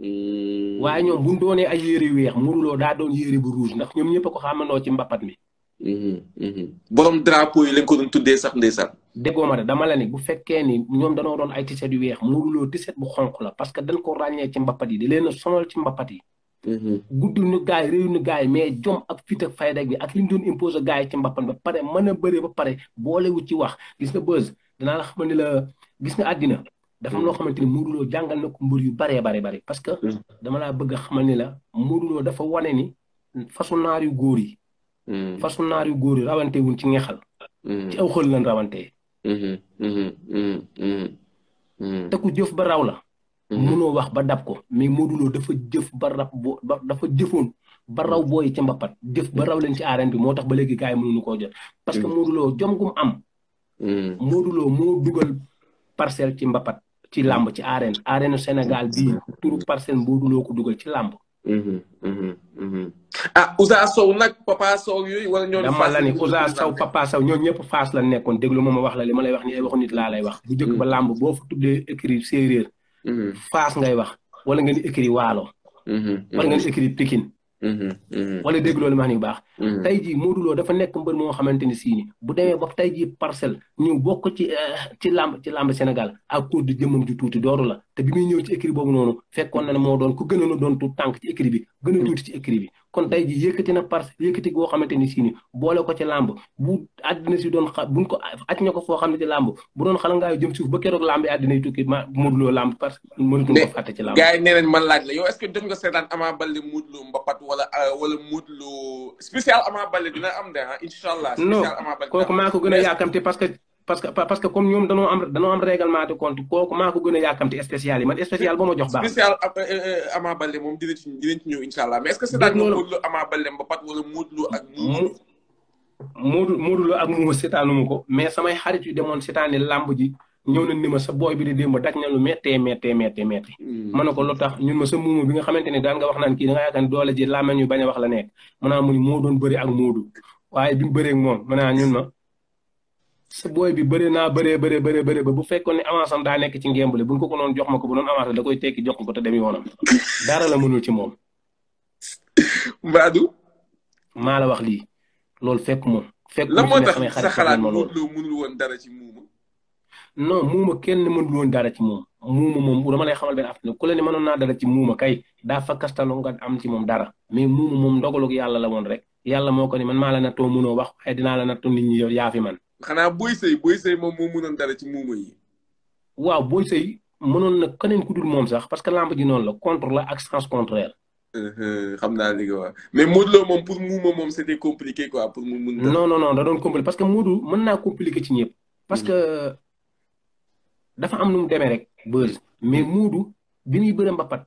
Speaker 1: Hmm. waaye ñoom bu ñu doonee ay yére yu weex muruloo daa doon yére bu rouge ndax ñoom ñëpp a ko xamandoo ci mbapat mi. Hmm, hmm. borom drapeau yi lañ ko doon tuddee sax ndeysaan. déggoo ma de dama la ne bu fekkee ni ñoom danoo doon ay tiset yu weex Modou Lo tiset bu xonq la parce que dañ ko ràññee ci mbapat yi di leen a sonal ci mbapat yi. gudd ñu gars yi nu ñu yi mais jom ak fit ak fayda gi ak li ñu doon imposé gars yi ci ba pare man a bëree ba pare boolewu ci wax gis nga buzz danaa la xamal ne la gis nga àddina dafa am loo mhm. xamante ni Modou jàngal na ko mbër yu baree bare bare parce que mhm. dama laa bëgg a xamal ni la Modou dafa wane ni façon naar yu góor yi mhm. façon naar yu góor yi rawante wuñ ci ngeexal ci aw xël lan rawante te ku jëf ba raw la Mhm. mënoo wax ba dab ko mais Modou Lo dafa jëf ba rab boo dafa jëfoon ba raw mhm. booy ci mbapat jëf ba raw leen ci arène bi moo tax ba léegi gars yi mënuñu koo jot parce que mhm. Modou Lo am Modou Lo moo parcelle ci mbapat ci làmb ci arène arène Sénégal bii turu parcelle Modou Lo ko dugal ci làmb ah Ousa Sow nag Papa Sow yooyu wala ñoo dama la ni Ousa Sow ñëpp faas la nekkoon déglu ma ma wax la li lay wax ni ay waxu nit laa lay wax bu jëkk ba làmb boo fa tuddee écrit séeréer Mm-hmm. faas ngay wax wala nga ni écrit waalo mm-hmm. Mm-hmm. wala nga ni écrit pikin wala dégg loolu ma ni bu baax tey jii Modou dafa nekk mbër moo xamante ni sii ni bu demee ba tey jii parcelle ñu bokk ci eh, ci làmb ci làmb Sénégal ak cause de jëmmam ju tuuti dooru la te bi muy ñëw ci écrit boobu noonu fekkoon na ne moo doon ku gënoon a doon tuut tànk ci écrit bi gën a tuuti ci écrit bi kon tey ji yëkkati na parce yëkkati goo xamante ni si ni ko ci làmb bu àddina si doon xa buñ ko aj na ko foo xam ne ci làmb bu doon xala ngaayo jëm suuf ba keroog làmb yi àddina yi tukki ma parce que mënutu ko fàtte ci làmb gars yi man laaj la yow est-ce que jot nga Ama Baldé Modou mbapat wala euh, wala spécial Ama Baldé dina am de ah incha allah non kooku maa ko parce que parce que parce que comme ñoom danoo am danoo am règlement de compte kooku maa ko gën a yàkkamti spécial yi man spécial ba ma jox baax. spécial euh, euh, Ama Baldé pat wala Modou ak. Modou Modou Lo ak Mouma ko mais samay xarit yu demoon seetaani làmb ji ñëw nañ ni ma sa booy bi di démb daj na lu méttee méttee méttee méttee. Hmm. ma ne ko tax ñun ma sa Mouma bi nga xamante ne daan wax naan kii doole ji làmmeñ ñu bañ a wax la nekk ah, mu naa mu moo doon bëri ak Modou waaye bi mu bëree ak moom mu ah, ñun ma sa booy bi bëree naa bëree bëree bëree bëree ba bu fekkoon ne avance daa nekk ci ngémbale bu ñu ko ko noonu jox ma ko bu doon avancé da koy tekki jox ko te dem yoonam dara la mënul ci moom. Mbadou. la wax lii loolu fekk moom. fekk lan moo tax sa xalaat Modou Lo woon dara ci muuma. non muuma kenn mënul woon dara ci moom muuma moom dama lay xamal benn affaire ku la ne mënoon naa dara ci muuma kay daa fa kastaloo nga am ci moom dara mais muuma moom ndogalu yàlla la woon rek yàlla moo ko ni man maa la nattoo mënoo wax waaye dinaa la na nit ñi yow yaa fi man xanaa Boy Seye Boy Seye moom moo mënoon dara ci muuma waaw Boy Seye mënoon na keneen ku dul moom sax parce que lamb ji noonu la contre la ak sens contraire. xam naa li nga mais Modou Lo moom pour muuma moom c'était compliqué quoi pour mu mun. non non non da doon compliqué parce que Modou mën naa compliqué ci ñëpp. parce mm. que dafa am nu mu demee rek. buzz mais Modou bi muy bëre mbapat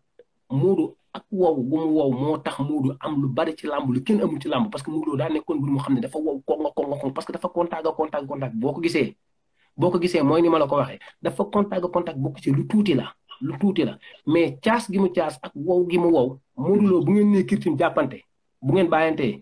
Speaker 1: Modou ak wow gu mu wow moo tax Modou am lu bari ci làmb lu kenn amul ci làmb parce que Modou daa nekkoon mbir mu xam ne dafa wow ko nga ko nga ko parce que dafa contact ak contact contact boo ko gisee boo ko gisee mooy ni ma la ko waxee dafa contact ak contact bokk ci lu tuuti la lu tuuti la mais caas gi mu caas ak wow gi mu wow Modou Lo bu ngeen nee kirtim jàppante bu ngeen bayantee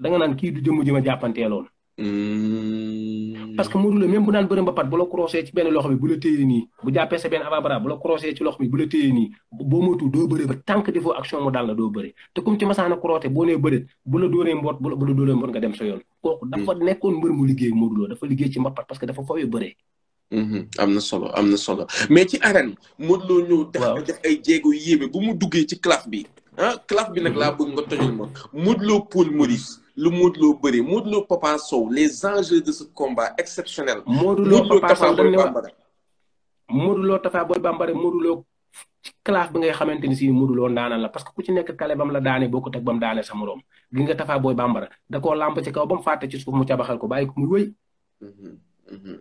Speaker 1: da nga naan kii du jëmm ji ma jàppantee loolu Hmm. parce que Modou Lo même bu daan bëre mbapat bu la croisé ci benn loxo bi bu la téye nii bu jàppee sa benn avant-bras bu la croisé ci loxo bi bu la téye nii boo moytu doo bëre ba tànk defoo action mu daal la doo bëre te comme ci masaana croisé bu la dóoree mboot bu la dóoree hmm. hmm, am na solo am na solo mais ci arène Modou Lo ñëw def def ay jéego bu mu duggee ci classe bi ah classe bi nag laa nga tojal ma Modou Lo Paul Maurice lu Modou loo bëri Modou loo Papa Sow les enjeux de ce combat exceptionnel. Modou Lo Papa Sow dañ ne wa Modou Lo Tafa Boy Bambara Modou Lo classe bi ngay xamante ni si Modou Lo ndaanaan la parce que ku ci nekk kale bam la daane boo ko teg bam daane sa moroom gi nga Tafa Boy Bambara da koo làmp ci kaw ba mu fàtte ci suuf mu cabaxal ko bàyyi ko muy wëy. Mhm, mhm,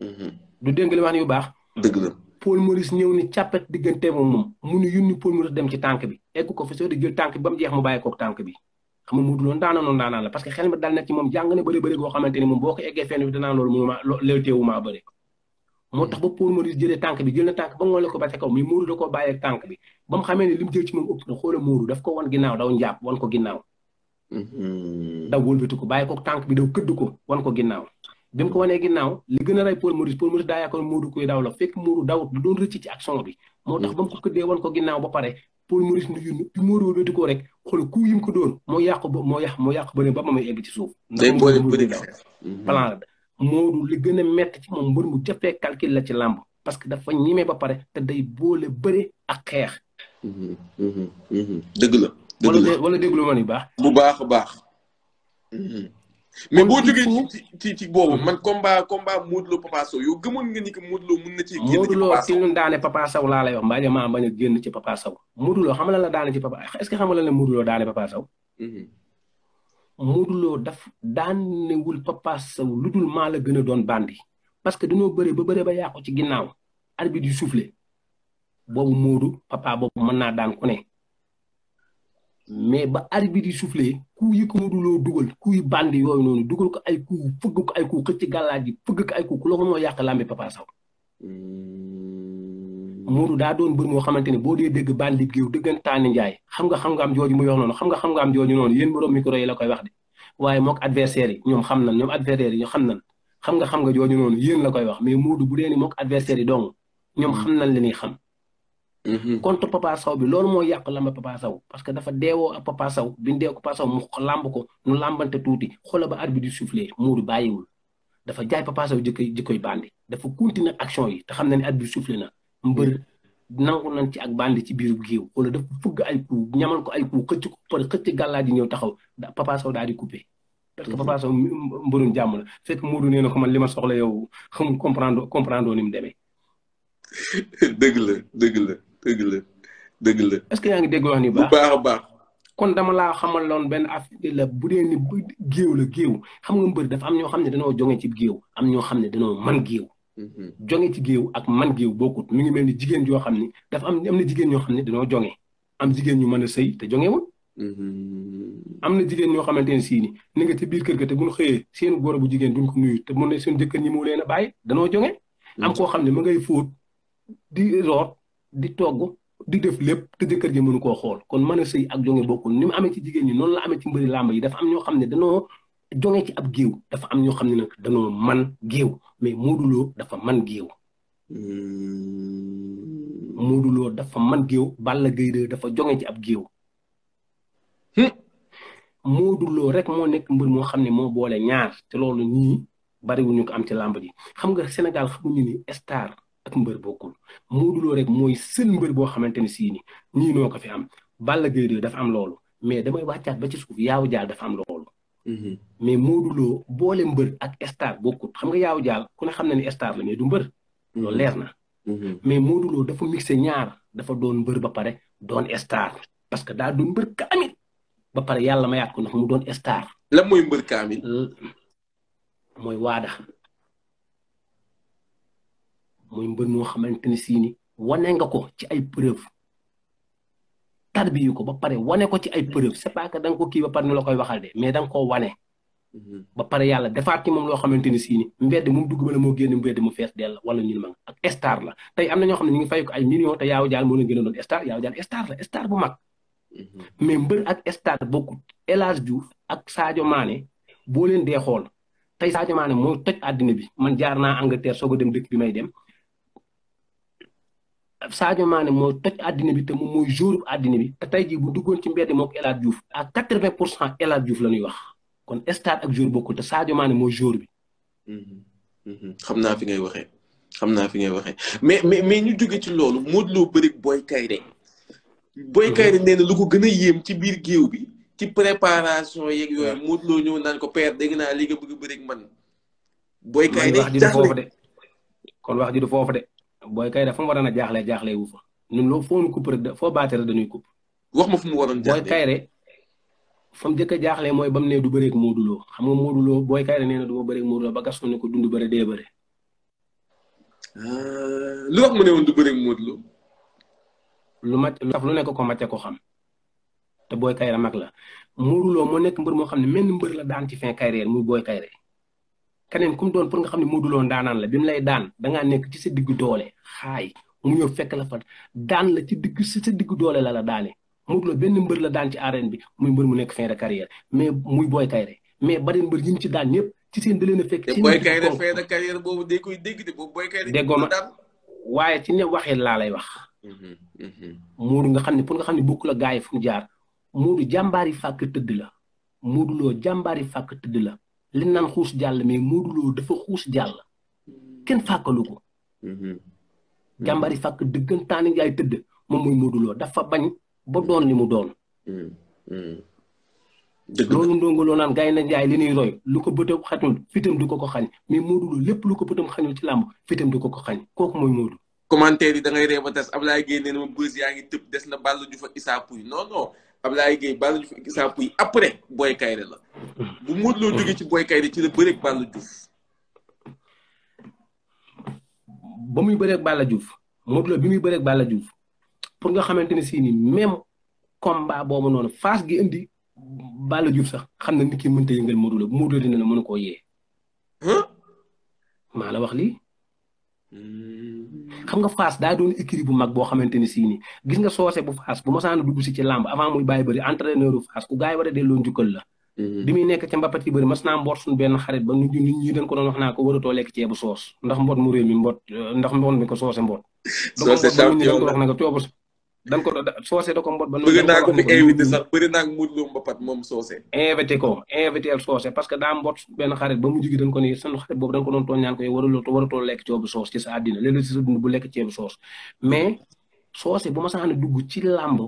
Speaker 1: mhm. du dégg li wax ni bu baax. dëgg la Paul Maurice ñëw ni càppet diggante moom mu ni yunni Paul Maurice dem ci tànk bi egg ko fi tànk ba mu jeex mu bàyyi koog tànk bi. xam nga Modou Lo ndaanaanoo ndaanaan la parce que xel mi dal na ci moom jàng na bëri bëri goo xamante ni moom boo ko eggee fenn bi danaa loolu mënuma loolu teewuma bëri moo tax ba Paul Maurice jëlee tànk bi da koo ko wan ginnaaw ko ginnaaw mm-hmm. ko bàyyi bi daw këdd ko wan ko ginnaaw bi mu ko wanee li gën a rey Paul la fekk daw du doon rëcc bi moo tax ba mu ko këddee wan ko ginnaaw ba pare pour Maurice Ndioune bi Modou wëlbati ko rek xool ku yim ko doon moo yàq ba moo yàq moo yàq ba ne ba ma may egg ci suuf. day boole bëri mhm. plan la moo li gën a métti ci moom mbër mu jafee calcul la ci làmb parce que dafa ñemee ba pare te day boole bëri ak xeex. Mhm. Mhm. dëgg la. dëgg la wala déglu baax. bu baax a baax. mais boo jógee ci ci ci boobu man combat combat Modou Lo Papa Sow nga ni que Modou Lo mun na cee. génn ci Papa Sow Modou Lo si ñun daane Papa Sow laa lay xam la la daane ci Papa est-ce que xam la ne Modou Lo daane Papa Sow. Mm-hmm. daf daanewul Papa Sow lu dul maa la gën a doon bandi. parce que dañoo bëre ba bëre ba yàqu ci ginnaaw arbitre du soufflé boobu Modou papa boobu mën naa daan ku mais ba arbitre di soufflé coup yi ko Modou Lo dugal coup yi bandi yooyu noonu dugal ko ay coup fëgg ko ay coup xëcc gàllaaj ji fëgg ay coup ku la ko moo yàq làmbi Papa Sow hmm. Modou daa doon mbër moo xamante ne boo dee dégg bandi géew dëggantaani njaay xam nga xam nga jooj jooju mu yox noonu xam nga xam nga am jooju noonu yéen borom micro yi la koy wax de waaye mook adversaire ñoom xam nan ñoom adversaire yi ñoom xam nan xam nga xam nga jooju noonu yéen la koy wax mais Modou bu dee ni mook adversaire yi dong ñoom hmm. xam la ñuy xam Mhm. contre Papa Sow bi loolu moo yàq lamba Papa Sow parce que dafa deewoo ak Papa Sow bi ñu dee ko Papa Sow mu ko mu tuuti xoola ba bi di soufflé Modou bàyyiwul dafa jaay Papa Sow jikkoy jikkoy bandi dafa continuer action yi te xam na ne arbitre soufflé na mbër nangu nañ ci ak bandi ci biiru géew xoola dafa fëgg ay coup ñamal ko ay coup xëcc ko pare xëcc gàllaa di ñëw taxaw Papa Sow daal di coupé parce que mhm. Papa Sow mbërum jàmm la fekk Modou nee na ko man li ma soxla yow xamul comprendre comprendre ni mu demee [laughs] dëgg dëgg la dëgg la. est-ce que yaa ngi dégg wax ni baax bu baax a baax. kon dama laa xamaloon benn affaire la bu dee ni bu géew la géew xam nga mbër dafa am ñoo xam ne dañoo jonge ci géew am ñoo xam ne dañoo man géew. Mhm. jonge ci géew ak man géew bokkut mi ngi mel ni jigéen yoo xam ne dafa am am na jigéen ñoo xam ne dañoo jonge am jigéen ñu mën a sëy te jongewul. Mhm. am na jigéen ñoo xamante ne sii ni ni nga ca biir kër ga te bu ñu xëyee seen góor bu jigéen duñ ko nuyu te mu ne seen jëkkër ñi moo leen a bàyyi danoo jonge am mhm. koo xam ne ma ngay fóot di root di togg di def lépp te jëkkër ji mënu koo xool kon mën a sëy ak jonge bokkul ni mu amee ci jigéen ñi noonu la amee ci mbëri làmb yi dafa am ñoo xam ne danoo jonge ci ab géew dafa am ñoo xam ne nag danoo man géew mais Modou Lo dafa man géew hmm. Modou Lo dafa man géew Balla Gaye dafa jonge ci ab géew Modou Lo rek moo nekk mbër moo xam ne moo boole ñaar te loolu ñii bariwuñu ko am ci làmb ji xam nga Sénégal xamuñu ni star ak mbër bokkul Modou Lo rek mooy seen mbër boo xamante ni sii ni nii noo ko fi am Balla Gaye dafa am loolu mais damay wàccaat ba ci suuf yaaw jaal dafa am loolu mm-hmm. mais Modou Lo boole mbër ak star bokkut xam nga yaaw jaal ku ne xam na ni star du mbër mm-hmm. loolu leer na mm-hmm. mais Modou Lo dafa mixé ñaar dafa doon mbër ba pare doon star parce que daa doon mbër kaamil ba pare yàlla mayaat ko ndax mu doon star lan mooy mbër kaamil mooy waada mooy mbër moo xamante ne sii ni wane nga ko ci ay preuve tarbiyu ko ba pare wane ko ci ay preuve c'est pas que da nga ko kii ba pare ñu koy waxal de mais da nga koo wane mm-hmm. ba pare yàlla defaat ci moom loo xamante ni siini ni mbedd mu dugg bala moo génn mbedd mu fees dell wala ñun ma nga ak star la tey am na ñoo xam ne ñu ngi fay ko ay millions te yaaw jaal moo leen gën a doon star yaaw jaal star la star bu mag mm-hmm. mais mbër ak star bokkut El Hadj ak saajo Mané boo leen dee xool tey Sadio Mané mooy toj àddina bi man jaar naa Angleterre soog a dem dëkk bi may dem saajo maane moo toj àddina bi te moom mooy jour àddina bi te tey jii bu duggoon ci mbedd mook El Hadj Diouf à quatre vingt pour cent El Hadj la ñuy wax kon stade ak jour bokkul te maane Mané mooy jour bi. Mm-hmm. Mm-hmm. xam naa fi ngay waxee xam naa fi ngay waxee mais mais mais ñu jóge ci loolu Modou loo bëri Boy Kayre. Boy Kayre mm-hmm. nee na lu ko gën a yéem ci biir géew bi ci préparation yeeg yooyu Modou Lo ñëw naan ko père dégg naa li nga bëgg a bëri ak man. Boy Kayre jaaxle kon wax ji foofu de. booy kay dafa mu waroon a jaaxlee jaaxlee wu fa ñun loo foo ñu coupe rek foo baatee rek dañuy coupe. wax ma fu mu waroon jaaxlee booy kayre fa mu njëkk jaaxle mooy ba mu ne du bëreeg Modou xam nga Modou Lo booy kayre ba gas ko ne ko dund dee bëre. Euh, lu mu ma lu nekk ko màcce ko xam booy kayre mag la Modou nekk mbër moo xam ne menn mbër la daan ci fin carrière muy booy kayre keneen ku doon pour nga xam ne Modou Lo la bi mu lay daan da nekk ci sa digg doole xaay mu ñëw fekk la fa daan la ci digg ci sa diggu doole la la daane Modou Lo benn mbër la daan ci arène bi muy mbër mu nekk fin de carrière mais muy Boy Kayre mais bari mbër yi mu ci daan ñëpp ci seen da leen a fekk. ci Boy Kayre fin de boobu day koy dégg de boobu Boy Kayre. déggoo ma waaye ci ne waxee laa lay wax. Mhm, mhm. Modou nga xam ne pour nga xam ne bokk la gaa yi fu mu jaar Modou jàmbaari fàkk tëdd la Modou Lo yi fàkk tëdd la. li naan xuus jàll mais Modou Lo dafa xuus jàll kenn fàkkalu ko. Mhm. jàmbari fàkk dëggantaani yaay tëdd moom mooy Modou dafa bañ ba doon li mu doon. Mhm. Mhm. dëgg loolu ndongo loo naan gaynde njaay li ñuy roy lu ko bëtam xañul fitam du ko ko xañ mais Modou lépp lu ko bëtam xañul ci làmb fitam du ko ko xañ kooku mooy Modou. commentaire yi da ngay ree ba tas Ablaye Guèye nee ma bës yaa ngi tëb des na bàll ju fa Issa Pouye non non. Ablaye Gueye Balla Diouf exemple yi après Boy Kayre la. bu Modou Lo ci Boy Kayre ci la bëreeg Balla Diouf. ba muy bëreeg Balla Diouf Modou Lo bi muy bëreeg bala Diouf pour nga xamante ne si ni même combat boobu noonu face gi indi bala Diouf sax xam na nit ki mënta yëngal Modou Lo Modou Lo dina la mën a koo yee. maa la wax lii. Hmm. xam nga Fass daa doon écurie bu mag boo xamante ni sii nii gis nga soose bu Fass bu mosaan dugg si ci làmb avant muy bàyyi bëri entraîneur bu Fass ku gars yi war a la. Mm-hmm. bi muy nekk ca mbapat yi bëri mboot suñu benn xarit ba nit ñi dañ ko doon wax naa ko waratoo lekk ceebu soos ndax mboot mu réew mi mboot euh, ndax mboot mi soose mboot. soose saabu yow la donc mboot dan ko soose da ko mbot ba. ko fi moom soose. invité ko invité al parce que daa mbot benn ba mu jigi ko ni sunu xarit boobu dañ ko doon tooñ ñaan ko yow waruloo warutoo lekk ceebu soos ci sa àddina léeg-léeg sa dund dugg ci làmb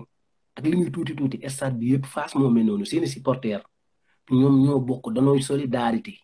Speaker 1: ak li muy tuuti tuuti stade bi yëpp face moo mel noonu seeni supporters ñoom ñoo bokk danooy solidarité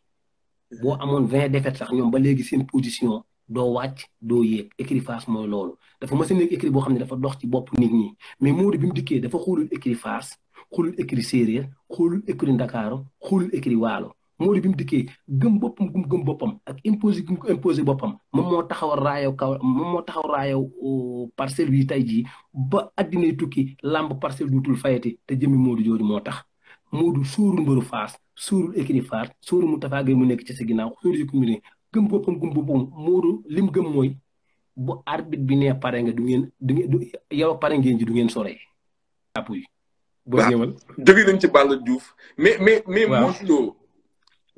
Speaker 1: boo amoon vingt défaites sax ñoom ba léegi seen position. doo wàcc doo yéeg écurie Fass mooy loolu dafa mas a nekk boo xam ne dafa dox ci bopp nit ñi mais Modou bi mu dikkee dafa xoolul écurie Fass xoolul écurie séeréer xoolul écurie Ndakaaru xoolul écurie waalo Modou bi dikkee gëm boppam gum gëm boppam ak imposé gum ko imposé boppam moom moo taxaw raayaw kaw moom moo taxaw raayaw euh, parcelle bi tey jii ba addinay tukki làmb parcelle duutul fayati te jëmi Modou jooju moo tax Modou sóorul mbëru Fass sóorul écurie Fass sóorul mu tafaagay mu nekk ci sa ginnaaw sóorul yëpp gëm boppam gëm boppam Modou li mu gëm mooy bu arbitre bi nee pare nga du ngeen du ngeen du yow pare ngeen ji du ngeen soree. app yi
Speaker 2: boo ñëwal jóge
Speaker 1: nañ ci Balla juuf mais mais mais. waaw Modou Lo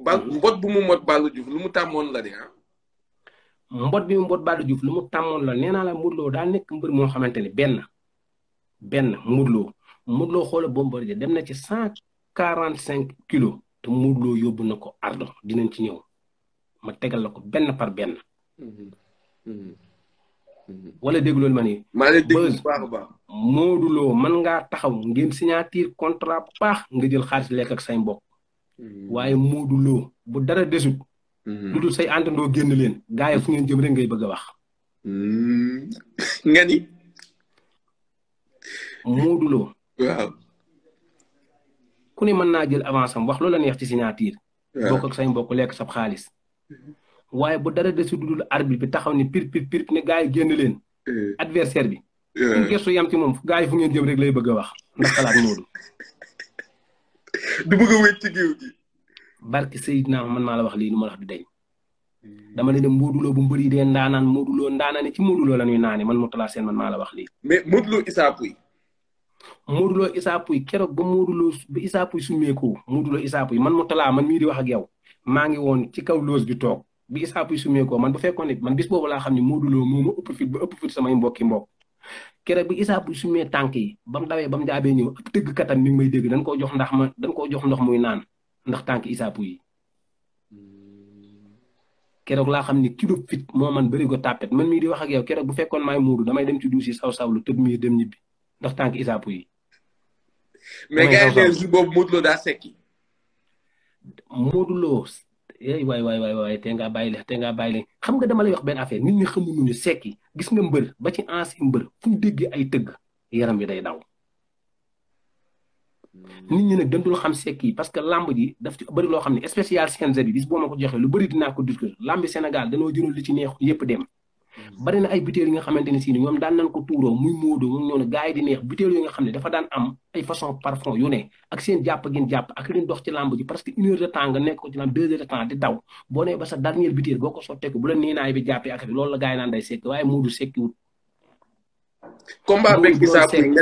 Speaker 1: ba mbot bu mu mot Balla mu tàmmoon la de ah? bi mu mbot Balla lu mu tàmmoon la nee naa la Modou Lo daal nekk mbër moo xamante ne benn benn Modou Lo Modou Lo xoola Bombardier dem na ci cent quarante cinq kilo te Modou Lo yóbbu na ko ardo dinañ ci ñëw. ma tegal la ko benn par benn. Mhm. Mhm. Mhm. wala dégluwoon ma ni. maa ngi déglu ngaa taxaw ngeen signature contrat baax nga jël xaalis lekk ak say mbokk. waaye Modou Lo bu dara desut. lu dul say àndandoo génn leen. gaa yi fu ngeen jëm rek ngay bëgg a wax. [laughs] nga ni. Modou ku ne mën naa jël avance am wax loola neex ci signature. bokk ak say mbokk lekk sab xaalis. waaye bu dara desul dudul arbitre bi taxaw ni pir pir pir ne yi génn leen. Eh. adversaire bi. Eh. suñ gëstu yam ci moom gars yi fu ngeen jëm rek lay bëgg a wax ndax xalaat Modou. [laughs] du bëgg a wécc ci géew gi. barke man maa la wax lii nu ma la du deñ dama ne de Modou Lo bu mbër yi dee ndaanaan Modou Lo ndaanaane ci Modou Lo la ñuy naane man Moutala Sène man maa la wax lii. mais Modou Lo Issa Pouye. Modou Lo Issa Pouye keroog ba Modou Lo ba Issa Pouye suñu meekoo Modou Lo Issa Pouye man di wax ak yow. maa ngi woon ci kaw loos bi toog bi Issa Pouye sumee ko man bu fekkoon ne man bis boobu laa xam ne Modou Lo moo ma ëpp fit ba ëpp tànk yi ba mu dawee ba mu jaabee ñëw tëgg katam mi ngi may dégg dañ koo jox ndax ma dañ koo jox ndox muy naan ndax tànk Issa Pouye yi keroog laa xam ne kilo fit man bëri ko tàppet man mii di wax ak yow keroog bu fekkoon maay Modou damay dem ci si saw sawlu tëb miir dem ñibbi ndax tànk Issa Pouye yi mais gars yi boobu Modou daa sekki Modou Lo eh, waay waay waay waay te ngaa bàyyi te ngaa bàyyi li xam nga dama lay wax benn affaire nit ñi xamuñu sekki gis nga mbër ba ci ansi mbër fu mu déggee ay tëgg yaram bi day daw. Hmm. nit ñi nag dëndul xam sekk yi parce que làmb ji daf ci bari loo xam ne spécial CNG bi bis boo ma ko joxee lu bari dinaa ko làmbi lamb Sénégal danoo jëloon li ci neexu yëpp dem. bari na ay butéel yi nga xamante ne si ni ñoom daan nañ ko tuuroo muy móodoo moom ñoo ne gars yi di neex butéel jàpp gin jàpp ci làmb ji parce que une heure de temps nga nekk ko ci làmb deux heures de temps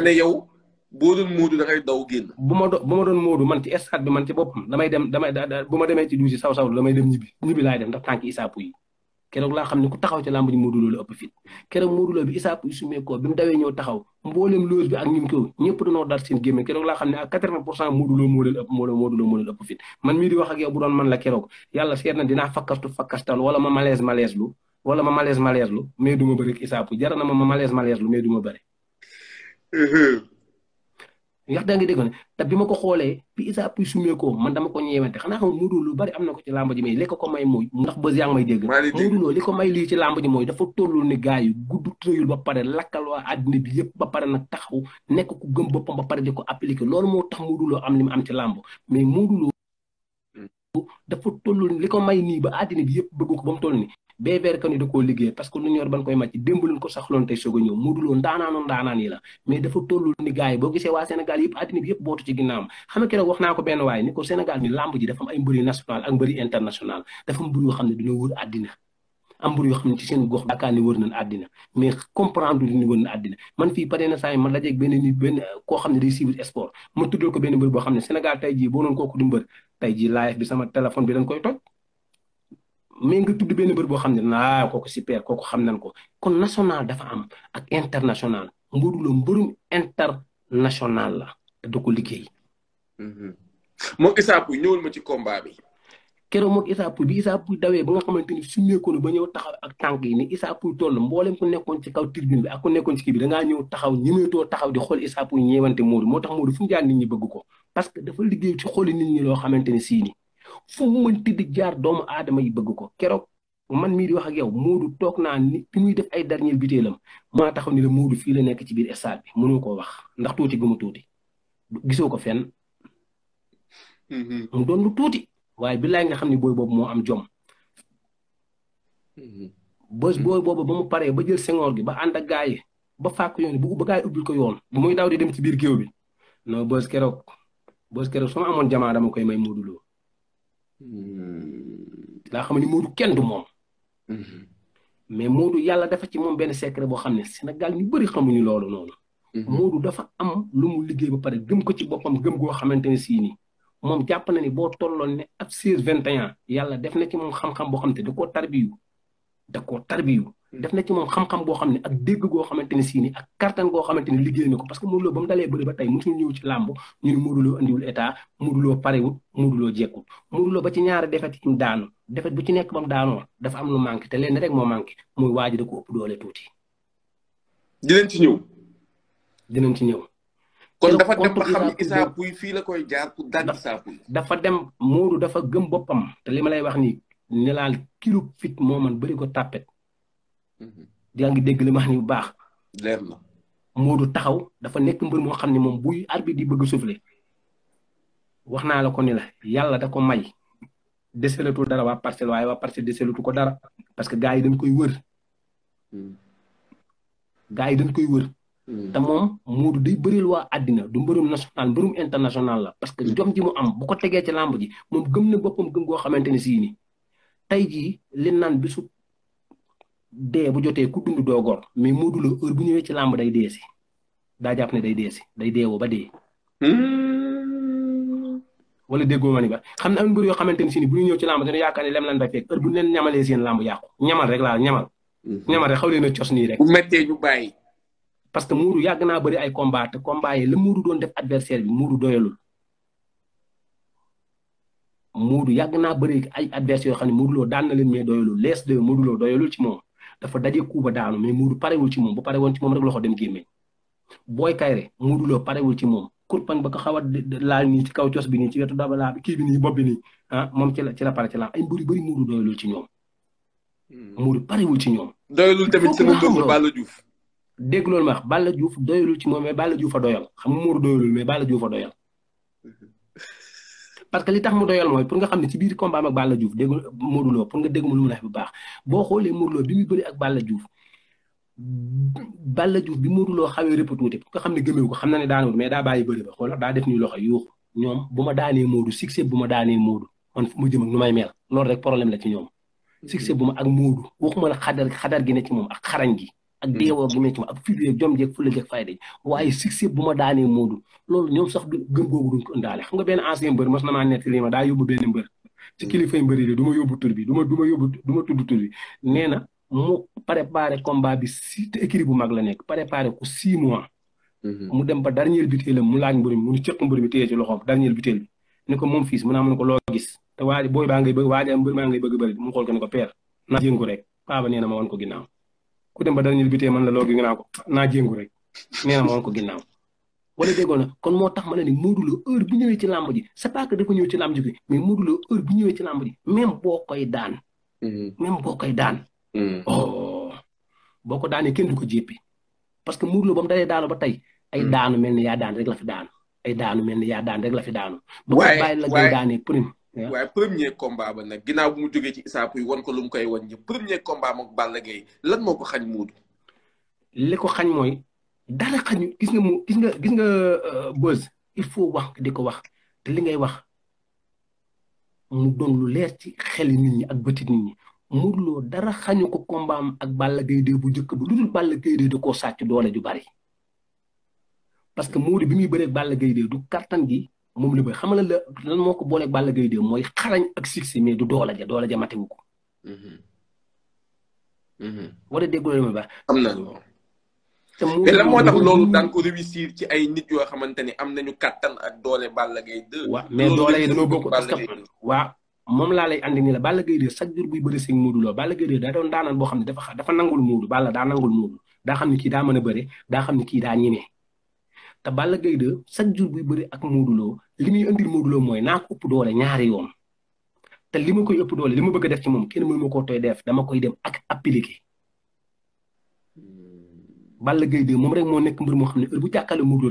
Speaker 1: di yow boo doon moodu da ma doon moodu man ci stade bi man ci boppam damay dem damay bu ma demee ci duusi saw saw damay dem ñibbi ñibbi laay dem ndax tànk isaapu yi keroog laa xam ne ku taxaw ci làmb ji Modou Lo la ëpp fit keroog Modou Lo bi Issa Pouye sumee bi mu dawee ñëw taxaw mboolem loos bi ak ñim ko ñëpp noo dar seen gémme keroog laa xam ne ak 80 pour cent Modou Lo moo leen ëpp moo Modou fit man mii di wax ak yow bu doon man la keroog yàlla seet na dinaa fakkastu fakkastal wala ma malaise malaise lu wala ma malaise malaise lu mais du ma bëri ak Issa na ma ma malaise malaise lu mais du ma ndax daa ngi ne te bi ma ko xoolee bi Issa Pouye sumee man dama ko ñeewante xanaa xam Modou lu bari am na ko ci làmb ji mais li ko ko may mooy ndax ko may lii ci làmb mooy dafa tollul ne gars yi gudd tëyul ba pare lakkal waa àddina bi yëpp ba pare na taxaw nekk ku gëm boppam ba pare di ko appliqué loolu moo tax Modou am li mu am ci làmb mais Modou dafa toll li ko may nii ba àddina bi yëpp bëgg ko ba mu toll nii BVR Kane da koo liggéey parce que lu ñu yor ban koy màcc démb ko saxloon tey soog a ñëw Modou Lo ndaanaanu ndaanaan la mais dafa toll ni gars boo gisee waa Sénégal yëpp àddina bi ay mbëri national dafa mbëri yoo xam ne dañoo wër àddina am mbëri yoo xam ne ci gox ma tuddal ko benn mbër boo xam ne Sénégal tey jii boo noonu kooku du mbër tey ji live bi sama téléphone bi dañ koy toj mais nga tudd benn bër boo xam ne naa ah, kooku super ko xam nañ ko kon national dafa am ak international Modou Lo mbërum international la te du ko liggéey. Mm-hmm. moom Issa Pouye ñëwul ci combat bi. keroog moom Issa Pouye bi Issa Pouye dawee ba nga xamante ni suñeeku ba ñëw taxaw ak tànk yi ni Issa Pouye toll mboolem nekkoon ci kaw tribune bi ak ku nekkoon ci kii bi dangaa ñëw taxaw ñemeetoo taxaw di xool Issa Pouye ñeewante Modou moo tax Modou fu mu jaar ko parce que dafa liggéey ci xooli nit ñi loo xamante ne sii ni fu mu di jaar doomu aadama yi bëgg ko keroog man mii di wax ak yow Modou toog naa ni fi muy def ay dernier butéelam maa taxaw ni la fii la nekk ci biir stade bi mënoo koo wax ndax tuuti gu mu tuuti gisoo ko fenn mm-hmm. mu doon lu tuuti waaye billaay nga xam ne booy boobu moo am jom. Mhm. ba booy boobu ba mu paree ba jël sengoor gi ba ànd ak gaa yi ba fàkk yoon bu ba gaa ubbil ko yoon. ba muy daw di dem ci biir géew bi noo boos keroog boos keroog su ma amoon jamaa dama koy may Modou Lo. daa mhm. xam ne Modou moom. Mhm. mais Modou yàlla dafa ci moom benn secret boo xam ne Sénégal ñu bëri xamuñu loolu noonu. Modou dafa am lu mu liggéey ba pare gëm ko ci boppam gëm goo xamante ne sii nii. moom jàpp na ni boo tolloon ne ab 16 21 yàlla def na ci moom xam-xam boo xam te da koo tarbiyu da koo tarbiyu def na ci moom xam-xam boo xam ne ak dëgg goo xamante ne sii nii ak kattan goo xamante ne liggéey na ko parce que Modou Lo ba mu dalee bëri ba tey mosul ñëw ci làmb ñu ne Modou Lo andiwul état Modou Lo parewul Modou Lo jekkul Modou Lo ba ci ñaari defet yi mu daanu defet bu ci nekk ba mu daanoo dafa am lu manqué te leen rek moo manqué mu waaj da ko ëpp doole tuuti. dinañ ci ñëw. dina ci ñëw. kon dafa dem ba fii la koy jaar pour daan dafa dem Modou dafa gëm boppam te li ma lay wax ni ne kilo fit moo man bëri ko tàppet mhm. yaa ngi dégg li ma wax ni bu baax leer taxaw dafa nekk mbër moo xam ne moom buy arbitre di bëgg souffler wax naa la ko ni la yàlla da ko may deselatu dara waa parcelle waaye waa parcelle deselatu ko dara parce que gars yi dañ koy wër mhm. gars yi dañ koy wër te moom Moodu day bëril waa àddina du mbërum national mbërum international la. parce que mm. jom ji mu am bu ko tegee ci làmb ji moom gëm na boppam gëm goo xamante ne sii nii. tey jii li naan bisu dee bu jotee ku dund doo mais Moodu la heure bu ñëwee ci làmb day dee si daa jàpp ne day dee day deewoo ba dee. Mm. wala déggoo ma ni ba xam ne am mbër xamante ne si bu ñu ñëw ci làmb dañu yaakaar ne lem lan fay fekk heure bu ñu ñamalee seen làmb yàqu ñamal rek laa ñamal. Mm-hmm. ñamal xaw leen a cos nii rek. bu méttee ñu bàyyi. parce que Modou yàgg naa bëri ay combat te combat yi la Modou doon def adversaire bi Modou doyalul Modou yàgg naa bëri ay adversaire yoo xam ne Modou daan na leen mais doyalul lees de Modou Lo ci moom dafa daje kuuba daanu mais Modou parewul ci moom bu parewul ci moom rek loxo dem gémmeñ booy kayre Modou parewul ci moom kurpan ba xaw a laal nii ci kaw cos bi nii ci wetu daba laa bi kii bi nii bopp bi nii ah moom ci la ci ci ñoom hmm. déglool loolu ma wax Balla Diouf doyalul ci moom mais Balla Diouf a doyal xam nga Modou doyalul mais Balla a doyal [laughs] parce que li tax mu doyal mooy pour nga xam ne ci biir combat am ak Balla Diouf dégg Modou Lo pour nga lu mu def bu baax bi muy bëri ak Balla Diouf Balla Diouf bi Modou Lo xawee rëpp tuuti pour nga xam ne gëmeewu ko xam na ne daanawul mais daa bàyyi bëri a xoolal daa def nii loxo yuuxu ñoom bu ma daanee Modou succès bu ma daanee Modou man mu jëm ak nu may mel loolu rek problème la ci ñoom mm-hmm. succès bu ma ak Modou waxuma la xadar xadar gi ne ci moom ak xarañ gi ak hmm. deewoo gi metti ma ak fii yeeg jom jeeg fulla jeeg fayda ji waaye succès bu ma daanee moodu loolu ñoom sax du gëm boobu duñ ko ëndaale xam nga benn ancien mbër mas na maa nettali ma daa yóbbu benn mbër ci hmm. kilifay mbër ma yóbbu tur bi du ma du ma yóbbu du ma tudd tur bi nee na mu préparé combat bi si te écrit bu mag la nekk préparé ko six mois hmm. mu dem ba dernier butéelam mu laaj mbër mu cëq mbër mi téye ci loxoom dernier ni ko moom fiis mu naa ah, mu ko loo gis te waaji booy baa ngay bëgg waaja mbër baa ngay bëgg bëri mu xool ko ne ko naa jéngu rek baaba nee na ma woon ko ginnaaw ku dem ba dara ñu bitee eh, man la loolu gi naa ko naa jéngu rek nee na ma woon ko ginnaaw wala déggoo na kon moo tax ma la ni Modou Lo heure bu ñëwee ci làmb ji c'est pas que dafa ñëw ci làmb ji bi mais Modou Lo heure bu ñëwee ci làmb ji même boo koy daan. Mm-hmm. même boo koy daan. Mm-hmm. oh boo ko daanee kenn du ko jéppi parce que Modou ba mu dalee daanu ba tey. ay mm-hmm. daanu mel daan rek la fi daanu. yaa daan rek la fi daanu. waay waay ba ko bàyyi la ngay daanee prime. waaye premier combat ba nag ginnaaw bu mu jógee ci Issa Pouye won ko lu mu koy won ñi premier combat mook Balla Gaye lan xañ muudu li ko xañ mooy dara gis nga mu gis nga gis nga euh, buzz il faut wax di ko wax te li ngay wax doon lu leer ci xel nit ñi ak bëti dara xañu ko kombaam ak Balla Gaye de bu njëkk ba lu dul Balla Gaye de da koo sàcc doole ju bari parce que Modou bi muy bëreeg Balla Gaye de du kattan gi moom li bay xamala la lan moo ko booleeg Balla mooy xarañ ak succès mais du doole ja doole ja matewu ko. Mm-hmm. wala déggoo la ma baax. am na te lan moo tax loolu daan ko réussir ci ay nit yoo xamante ni am nañu kattan ak doole Balla Gaye 2. waaw mais doole yi dañoo bokk parce que waaw moom lay andi la Balla Gaye chaque jour buy bëri seen Balla Gaye daa doon boo xam ne dafa xa dafa nangul Modou Balla daa daa xam ne kii daa mën a bëre daa xam ne kii daa ñemee te Balla Gaye 2 chaque jour buy bëri ak Modou Lo li muy indil Modou mooy naa ko ëpp doole ñaari yoon te li ma koy ëpp doole li ma def ci moom kenn mënu ma koo tooy def dama koy dem ak appliqué. Hmm. Balla Gaye 2 moom rek moo nekk mbir moo xam ne heure bu jàkkaarloo Modou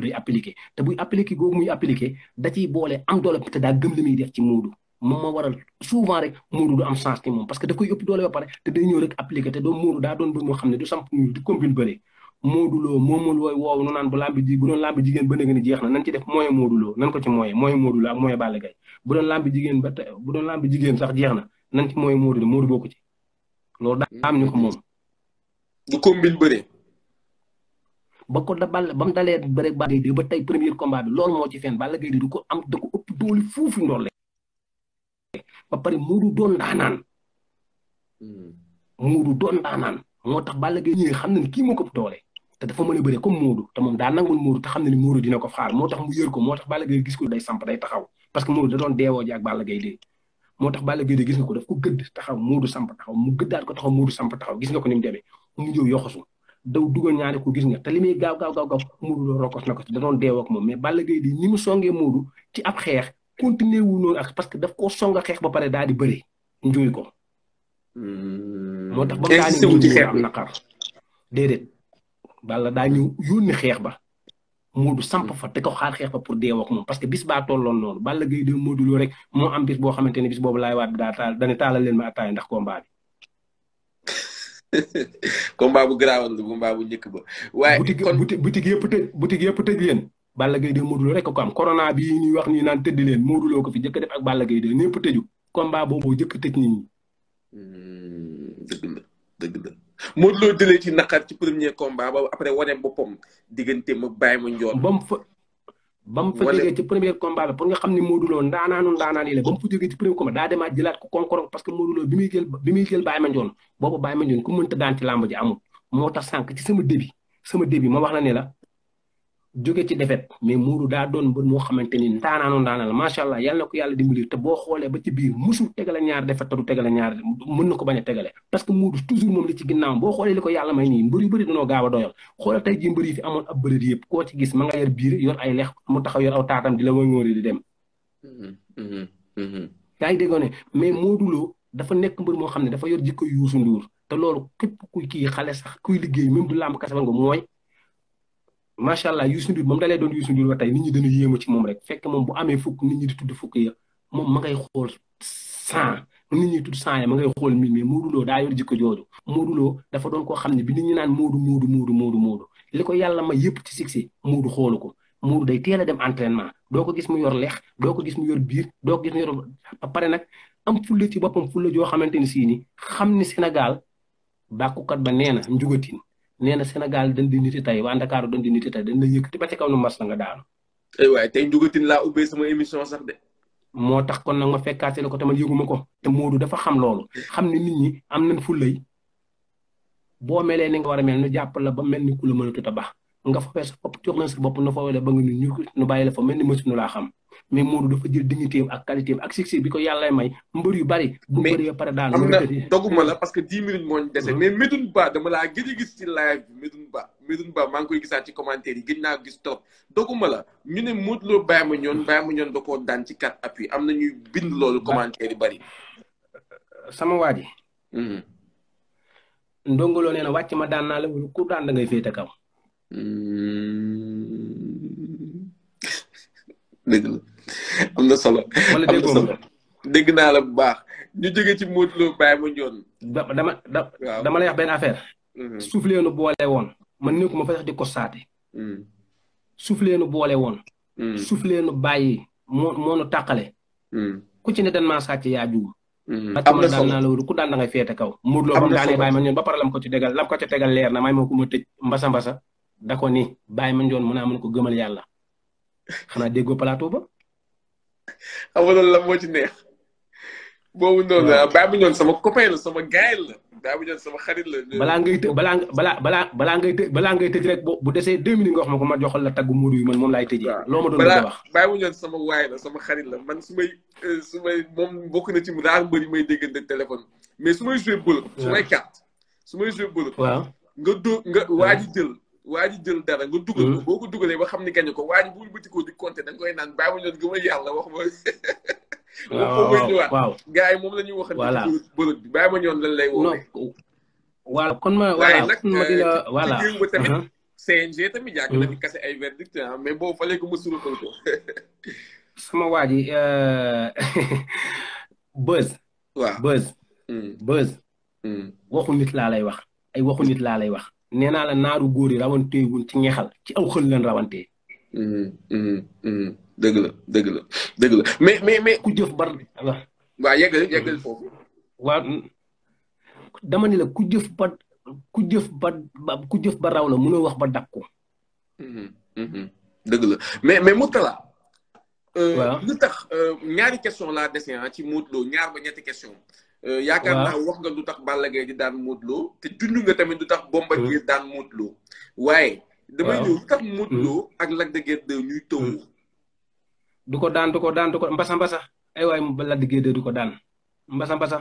Speaker 1: te buy appliqué googu muy appliqué da boole am doole te daa gëm li def ci Modou moom moo waral souvent rek Modou du am chance ci moom parce que daf koy ëpp doole ba pare te day ñëw rek appliqué te doo Modou daa doon mbir moo xam ne du samp ñu di combine bëre mooduloo moomul wooy woow nu naan bu lambi ji bu doon lambi jigéen ba ni jeex na nan ci def moyen mooduloo nan ko ci moyen moyen mooduloo ak moyen Balla Gaye bu doon lambi jigéen ba bu doon lambi jigéen sax jeex na nan ci moyen mooduloo moodu bokku ci loolu daa am ñu ko moom du combine bëre ba ko da ball ba mu dalee bëre ba tey premier combat bi loolu moo ci fen Balla Gaye du ko am da ko ëpp doole fuufu ndolle ba pare moodu doon daanaan hmm. moodu doon daanaan moo tax Balla Gaye ñëwee xam ne kii moo ko doole dafa mën a bëre comme Modou te moom daa nangul Modou te xam ne ni Modou dina ko faal moo tax mu yër ko moo tax Balla Gaye gis ko da doon deewoo ji ak Balla moo tax Balla Gaye de ko daf ko gëdd taxaw Modou ko taxaw Modou ko ni mu gis nga te li muy gaaw gaaw gaaw gaaw ko da doon deewoo ak moom mais Balla Gaye mu songee Modou ci ab xeex continuer wu noonu ak parce que daf koo songa xeex ba pare daa di bëre njuuy ko hmm. moo tax ba mu daal di am naqar déedéet Balla daañu yónni xeex ba. Modou samp fa te ko xaar xeex ba pour deewoo ak moom parce que bis baa tolloon noonu Balla Gaye de Modou Lo rek moo am boo xamante ne boobu laay waat bi daa taal dañu taalal leen ma attaaya ndax combat bi. [laughs] combat bu garaawoon bu njëkk ba. waaye kon boutique boutique yëpp tëj yëpp tëj leen. Balla Gaye de rek ko am korona bi ñuy wax nii naan tëdd leen Modou Lo ko fi njëkk def ak Balla Gaye de ñëpp tëju combat boobu njëkk tëj nit hmm, dëgg la Modou Lo dëlee ci naqar ci premier combat ba après wane boppam diggante ma bàyyi ma njool. ba mu fa ba mu fa jógee ci premier combat bi pour nga xam ne Modou Lo ndaanaanu ndaanaan yi la ba mu ci premier combat daa demaat jëlaat ko konkorong parce que Modou Lo bi muy jël bi muy jël bàyyi ma njool boobu bàyyi daan ci làmb ji moo tax sànq ci sama début sama début ma wax la ne la jóge ci defet mais Modou daa doon mbër moo xamante ni ndaanaanu ndaanal macha allah yàlla na ko yàlla dimbali te boo xoolee ba ci biir musul tegale ñaar defet te du tegale ñaar mën na ko bañ a tegale parce que Modou toujours moom li ci ginnaaw boo xoolee li ko yàlla may nii mbër yu a doyal xoolal tey jii mbër yi fi amoon ab bëri yëpp koo gis ma nga biir yor ay lex mu taxaw yor aw taatam di la wëngóori di dem mm-hmm, mm-hmm, mm-hmm. yaa ngi déggoone mais Modou Lo dafa nekk mbër moo xam ne dafa yor jikko Youssou Ndour te loolu képp kuy kii xale sax kuy liggéey même du làmb kase ba nga mooy macha allah Youssou Ndour moom dalee doon Youssou Ndour ba tey nit ñi dana yéemu ci moom rek fekk moom bu amee fukk nit ñi di tudd fukk ya moom ma xool cent nit ñi tudd cent ya ma ngay xool mille mais Modou Lo daa yor jikko jooju Modou Lo dafa doon ko xam ne bi nit ñi naan Modou Modou Modou Modou Modou li ko yàlla ma yëpp ci si Modou xoolu ko Modou day teel dem entraînement doo ko gis mu yor leex doo ko gis mu yor biir doo ko gis mu yor ba pare nag am fulla ci boppam fulla joo xamante ni sii ni xam ni Sénégal bàkkukat ba nee na njugatin nee na Sénégal dañ di niti tey waa Ndakaaru dañ di niti tey dañ la yëkkati ba ci kaw nu mas la nga daanu. ay eh waay tey njugatin laa ubbee sama émission sax de. moo tax kon nag ma fekkaase la ko tamit yëguma ko te Moodu dafa xam loolu xam ne nit ñi am nañ fullay boo melee ni nga war a mel nu jàpp la ba mel ni ku la mënatut a baax nga foofee sa bopp jox leen sa bopp nu foofee la ba nga nu ñu nu bàyyi la fa mel ni mësuñu laa xam. mais Modou dafa jël dignité am ak qualité am ak succès bi ko yàlla may mbër yu bari. bu bëree pare daanu am doguma la parce que dix minutes moo ñu dese. Mm-hmm. mais Médoune Ba dama laa gëj gis ci live bi Ba Médoune Ba maa ngi koy gisaat ci commentaire yi gëj naa gis trop. doguma la ñu ne Modou Lo bàyyi ma ñoon bàyyi ma ñoon da koo daan ci quatre appuis am na ñuy bind loolu commentaire yu bari. sama waa ji. Mm-hmm. ndongolo nee na wàcc ma daan naa la wala ku daan da ngay féete dëgg la na solo. wala déggoo naa la bu baax. ñu jóge ci Modou Lo Baye Mandione. dama da dama la wax benn affaire. Mhm. suuf leenu boole woon. man nekkuma fa sax di ko saate. Mhm. suuf leenu boole woon. Mhm. suuf leenu bàyyi moo moo nu tàqale. ku ci ne dan maa sàcc yaa juum. am na solo daan naa la wut ku daan da kaw. mu daanee Baye Mandione ba pare lam ko ci tegal lam ko ci tegal leer na may ma ku ma tëj mbasa mbasa. da ko ni Baye Mandione mu naa mën ko gëmal yàlla. xanaa déggo plateau ba. xam nga la moo ci neex. boobu noonu ah, bu ñoon sama copain la sama gaay la. baabu ñoon sama xarit la. balaa ngay të balaa balaa balaa balaa ngay balaa ngay tëj rek bu bu desee deux minutes nga wax ma ko na joxal la taggu man moom laay tëjee. loo ma doon bëgg a wax ñoon sama waay la sama xarit la man su may euh, su moom mbokk na ci raar mbër yi may déggante téléphone. mais su may joué bële. su may carte su may nga doo nga waaj jël. waa ji jël dara nga dugg ko hmm. boo ko dugalee ba xam ni gañe ko waa ji bu bëtikoo di compter da nga koy naan bàyyi ma ñoon gëm a yàlla wax ma [laughs] waaw yi moom la ñuy waxal. voilà bi bàyyi ma ñoon lan lay woowee. voilà kon ma voilà kon ma di la euh, voilà. tamit uh-huh. CNG tamit yàgg hmm. kase ay verdict mais boobu fale ko ma surafal ko. sama waa ji euh, [laughs] buzz. waaw buzz. Hmm. buzz. laa lay wax ay waxu nit laa lay wax. nee naa la naaru góor yi ti wuñ ci ñeexal ci aw xël leen rawantee mm-hmm, mm-hmm, mm-hmm. dëgg la dëgg la dëgg la mais mais ku jëf bar waaw waaw yeggal yeggal foofu waaw la ku jëf ba ku jëf ba ku jëf ba raw la mënoo wax ba dakku dëgg la mais mais Mourtalla euh, waaw lu tax euh, ñaari question laa dese ah, ci Modou Lo ñaar ba ñetti question Euh, yaakaar naa wax nga du tax baa Gaye di daan Modou te junj nga tamit du tax Bombardier daan Modou waaye damay ñëw lu tax Modou Lo ak Lac de Guiers 2 du ko daan ko daan du ay waay ko daan mbasa mbasa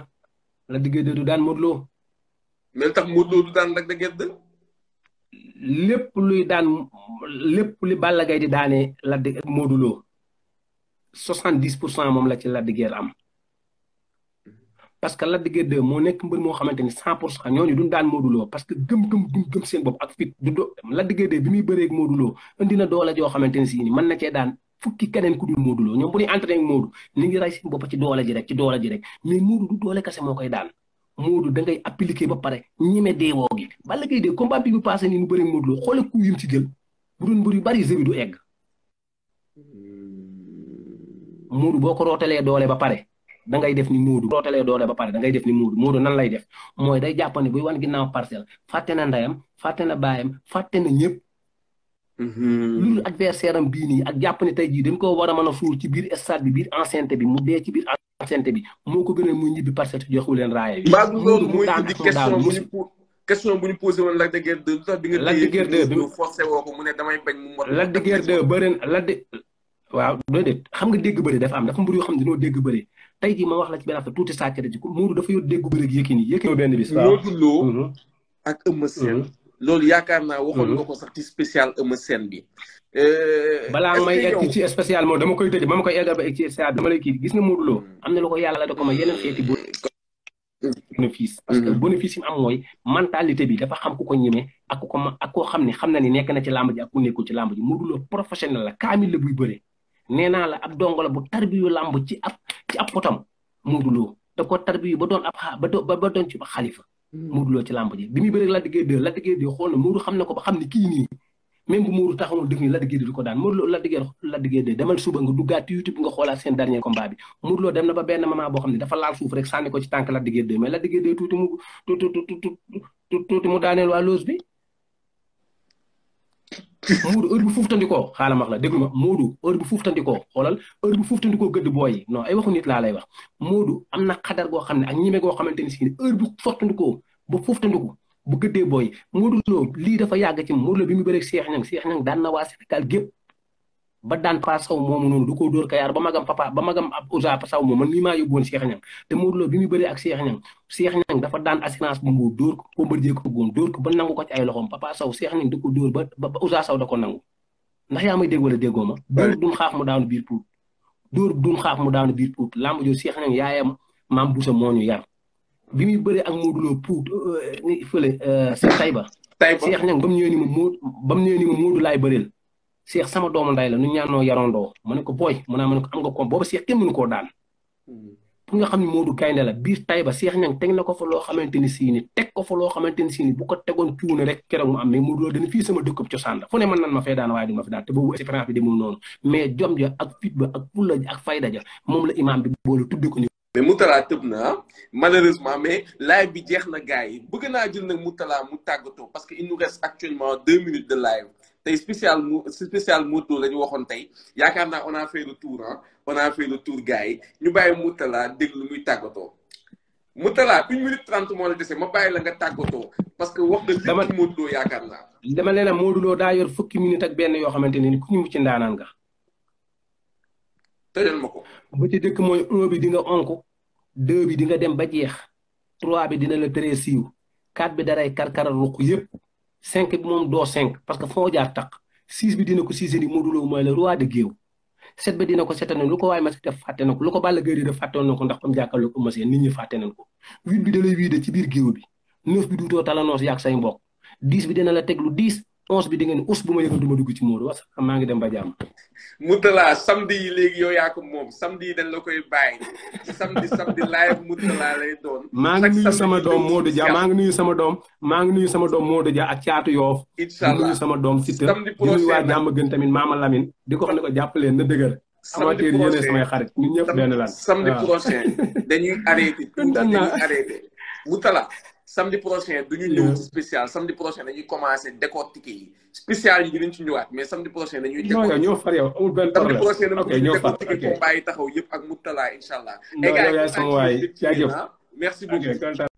Speaker 1: Lac de Guiers 2 du daan Modou daan Lac de Guiers 2 lépp luy daan lépp li Balla Gaye di daane Lac de soixante dix pour cent moom la ci Lac de am parce que Lac de moo nekk mbër moo xamante ni 100 pour cent ñooñu duñ daan Modou parce que gëm-gëm duñ gëm seen bopp ak fit du do Lac de bi muy bëreeg Modou Lo indi na doole joo xamante ni si ni mën na cee daan fukki keneen ku dul Modou Lo ñoom bu ñuy entraîné ak ni ngi ray seen bopp ci doole ji rek ci doole ji rek du doole kese moo koy daan Modou da ngay appliqué ba pare ñeme deewoo gi Balla Gaye de combat bi bu passé ni mu bëreeg Modou Lo ku yim bu doon mbër yu bari jëbi hmm. boo ko rootalee doole ba pare da ngay def ni muudu rootalee doole ba pare dangay ngay def ni muudu muudu nan lay def mooy day jàpp ne buy wan ginnaaw parcelle fàtte a ndeyam fàtte na baayam fàtte na ñëpp. Mm-hmm. lu adversaire am bii nii ak jàpp ne tey jii dañ ko war a mën a suul ci biir stade bi biir enceinte bi mu dee ci biir enceinte bi moo ko gën mu muy ñibbi parcelle jox wu leen raaya bi. loolu mooy indi question bu ñu question woon Lac de Guiers 2 lu tax bi nga. woo ko mu ne damay bañ mu mot. bëri na Lac de waaw doo déet xam nga dégg bëri dafa am dafa mbir yoo xam ne dañoo dégg bëri tey jii ma wax la ci benn affaire tuuti saa kër ji muuru dafa yor déggu bi rek yëkkini yëkkini benn bis. waaw loolu mhm. ak Eumeu Sène. Mhm. loolu yaakaar naa waxoon nga mhm. ko sax ci spécial Eumeu Sène bi. Euh, balaa may egg ci spécial moom dama koy tëj ba ma koy eggal ba egg ci spécial dama lay kii gis Lo am na lu ko yàlla da ko ma yeneen xeeti bénéfice parce que bénéfice yi am mooy mentalité bi dafa xam ku ko ñemee ak ko ma ak koo xam ne xam na ni nekk na ci làmb ak ku nekkul ci làmb ji Modou Lo professionnel la nee naa la ab dongo la bu tarbiyu làmb ci ab ci ab potam Modou Lo da ko tarbiyu ba doon ab xa ba doon ci xalifa mm. Modou Lo ci làmb ji bi muy na ko ba xam ne kii nii la diggee ko daan Modou Lo la diggee la diggee dee demal suba nga duggaat YouTube nga xoolaat seen dernier combat bi dem na ba benn moment boo xam ne dafa laal suuf rek sànni ko ci tànk la diggee dee mais la diggee dee mu tuuti mu daaneel waa loos bi Moodu heure bu fuuftandikoo xaaral ma wax la déglu ma Moodu heure bu fuuftandikoo xoolal heure bu fuuftandikoo gëdd booyi non ay waxu nit laa lay wax Moodu am na xadar goo xam ne a ñime goo xamante ni si heure bu fuuftandikoo ba fuuftandiku bu gëddee booy Moodu loo lii dafa yàgg ci Moodu la bi mu bëreeg Cheikh Niang Cheikh Niang daan na waa Sénégal gépp ba daan Pa Sow moomu noonu du ko dóor Kayar ba magam papa ba magam ab Ousa Pa Sow moom man mii maa yóbbuwoon te Modou Lo bi muy bëri ak Cheikh Niang Cheikh Niang dafa daan assurance bu mu dóor ko Bombardier ko góom dóor ko ba nangu ko ci ay loxoom Papa Sow Cheikh Niang du ko dóor ba ba Ousa Sow da ko nangu ndax yaa may dégg wala ma. dóor duun xaaf mu daanu biir puut. dóor duun xaaf mu daanu biir puut làmb jooju Cheikh Niang yaayam maam Boussa moo ñu yar bi muy bëri ak Modou Lo puut euh, fële sa euh, Taïba. Taïba Cheikh Niang ba mu ñëwee ni ma Modou mu laay bëreel Cheikh sama doomu nday la nu ñaanoo yarandoo ma ne ko booy mu naa ma ne ko am nga koom booba Cheikh kenn mënu koo daan pour hmm. nga xam ne Modou gaynde la biir Taïba Cheikh Niang teg na ko fa loo xamante ni sii ni teg ko fa loo xamante ni sii bu ko tegoon cuune rek keroog mu am mais sama dëkkub cosaan la fu ne mën nan ma fay daan waaye du ma fi daan te boobu expérience ja moom la imaam bi boole tudde ko ni mais Moutala tëb na malheureusement mais live bi jeex na gars yi bëgg naa jël nag Moutala mu tàggatoo parce que il nous reste actuellement deux minutes de live tey spécial mu spécial la ñu waxoon tey yaakaar naa on a fait le tour ah on a fait ñu bàyyi Moutala déglu muy tàggatoo Moutala une minute trente moo la desee ma bàyyi la nga tàggatoo parce que wax nga. dama lépp Modou yaakaar naa. dama leen a Modou Lo daa yor fukki minute ak benn yoo xamante ne ni ku ñu mucc ndaanaan nga. tëjal ma ko. bu ci dëkk mooy un bi di nga onk deux bi di dem ba jeex trois bi dina la tëree siiw quatre bi daray karkaral ruq yëpp. cinq bi moom doo cinq parce que foo jaar taq six bi dina ko six ni Modou Lo mooy le roi de géew set bi dina ko setanu lu ko waaye ma si fàtte na ko lu ko Balla Gaye de fàtte na ko ndax comme jàkkaarloo ko mosee nit ñi fàtte nañ ko huit bi da lay wiide ci biir géew bi neuf bi duutoo talanoos yaag say mbokk dix bi dina la teg lu onze bi di ngeen us bu ma yëgal du ma dugg ci Modou wax maa ngi dem ba jàmm. Mourtalla samedi yi léegi yow yaa ko moom samedi yi la koy bàyyi samedi samedi live Mourtalla lay doon. maa ngi nuyu sama doom Modou Dia maa ngi nuyu sama doom maa ngi nuyu sama doom Modou Dia ak caatu Yoof. incha allah sama doom Siteu samedi prochain gën tamit maama Lamine. di ko xam ne ko jàppalee na dëgër. samedi prochain amateur samay xarit ñun ñëpp benn lan. samedi prochain dañuy arrêté. [laughs] dañuy samedi prochain du ñu ñëw ci spécial samedi prochain dañuy commencé décortiquer yi spécial yi dinañ ci ñëwaat mais samedi prochain dañuy décortiquer ñoo far yow amul benn problème samedi prochain décortiquer combat yi taxaw yëpp ak Mourtala incha allah. égale merci beaucoup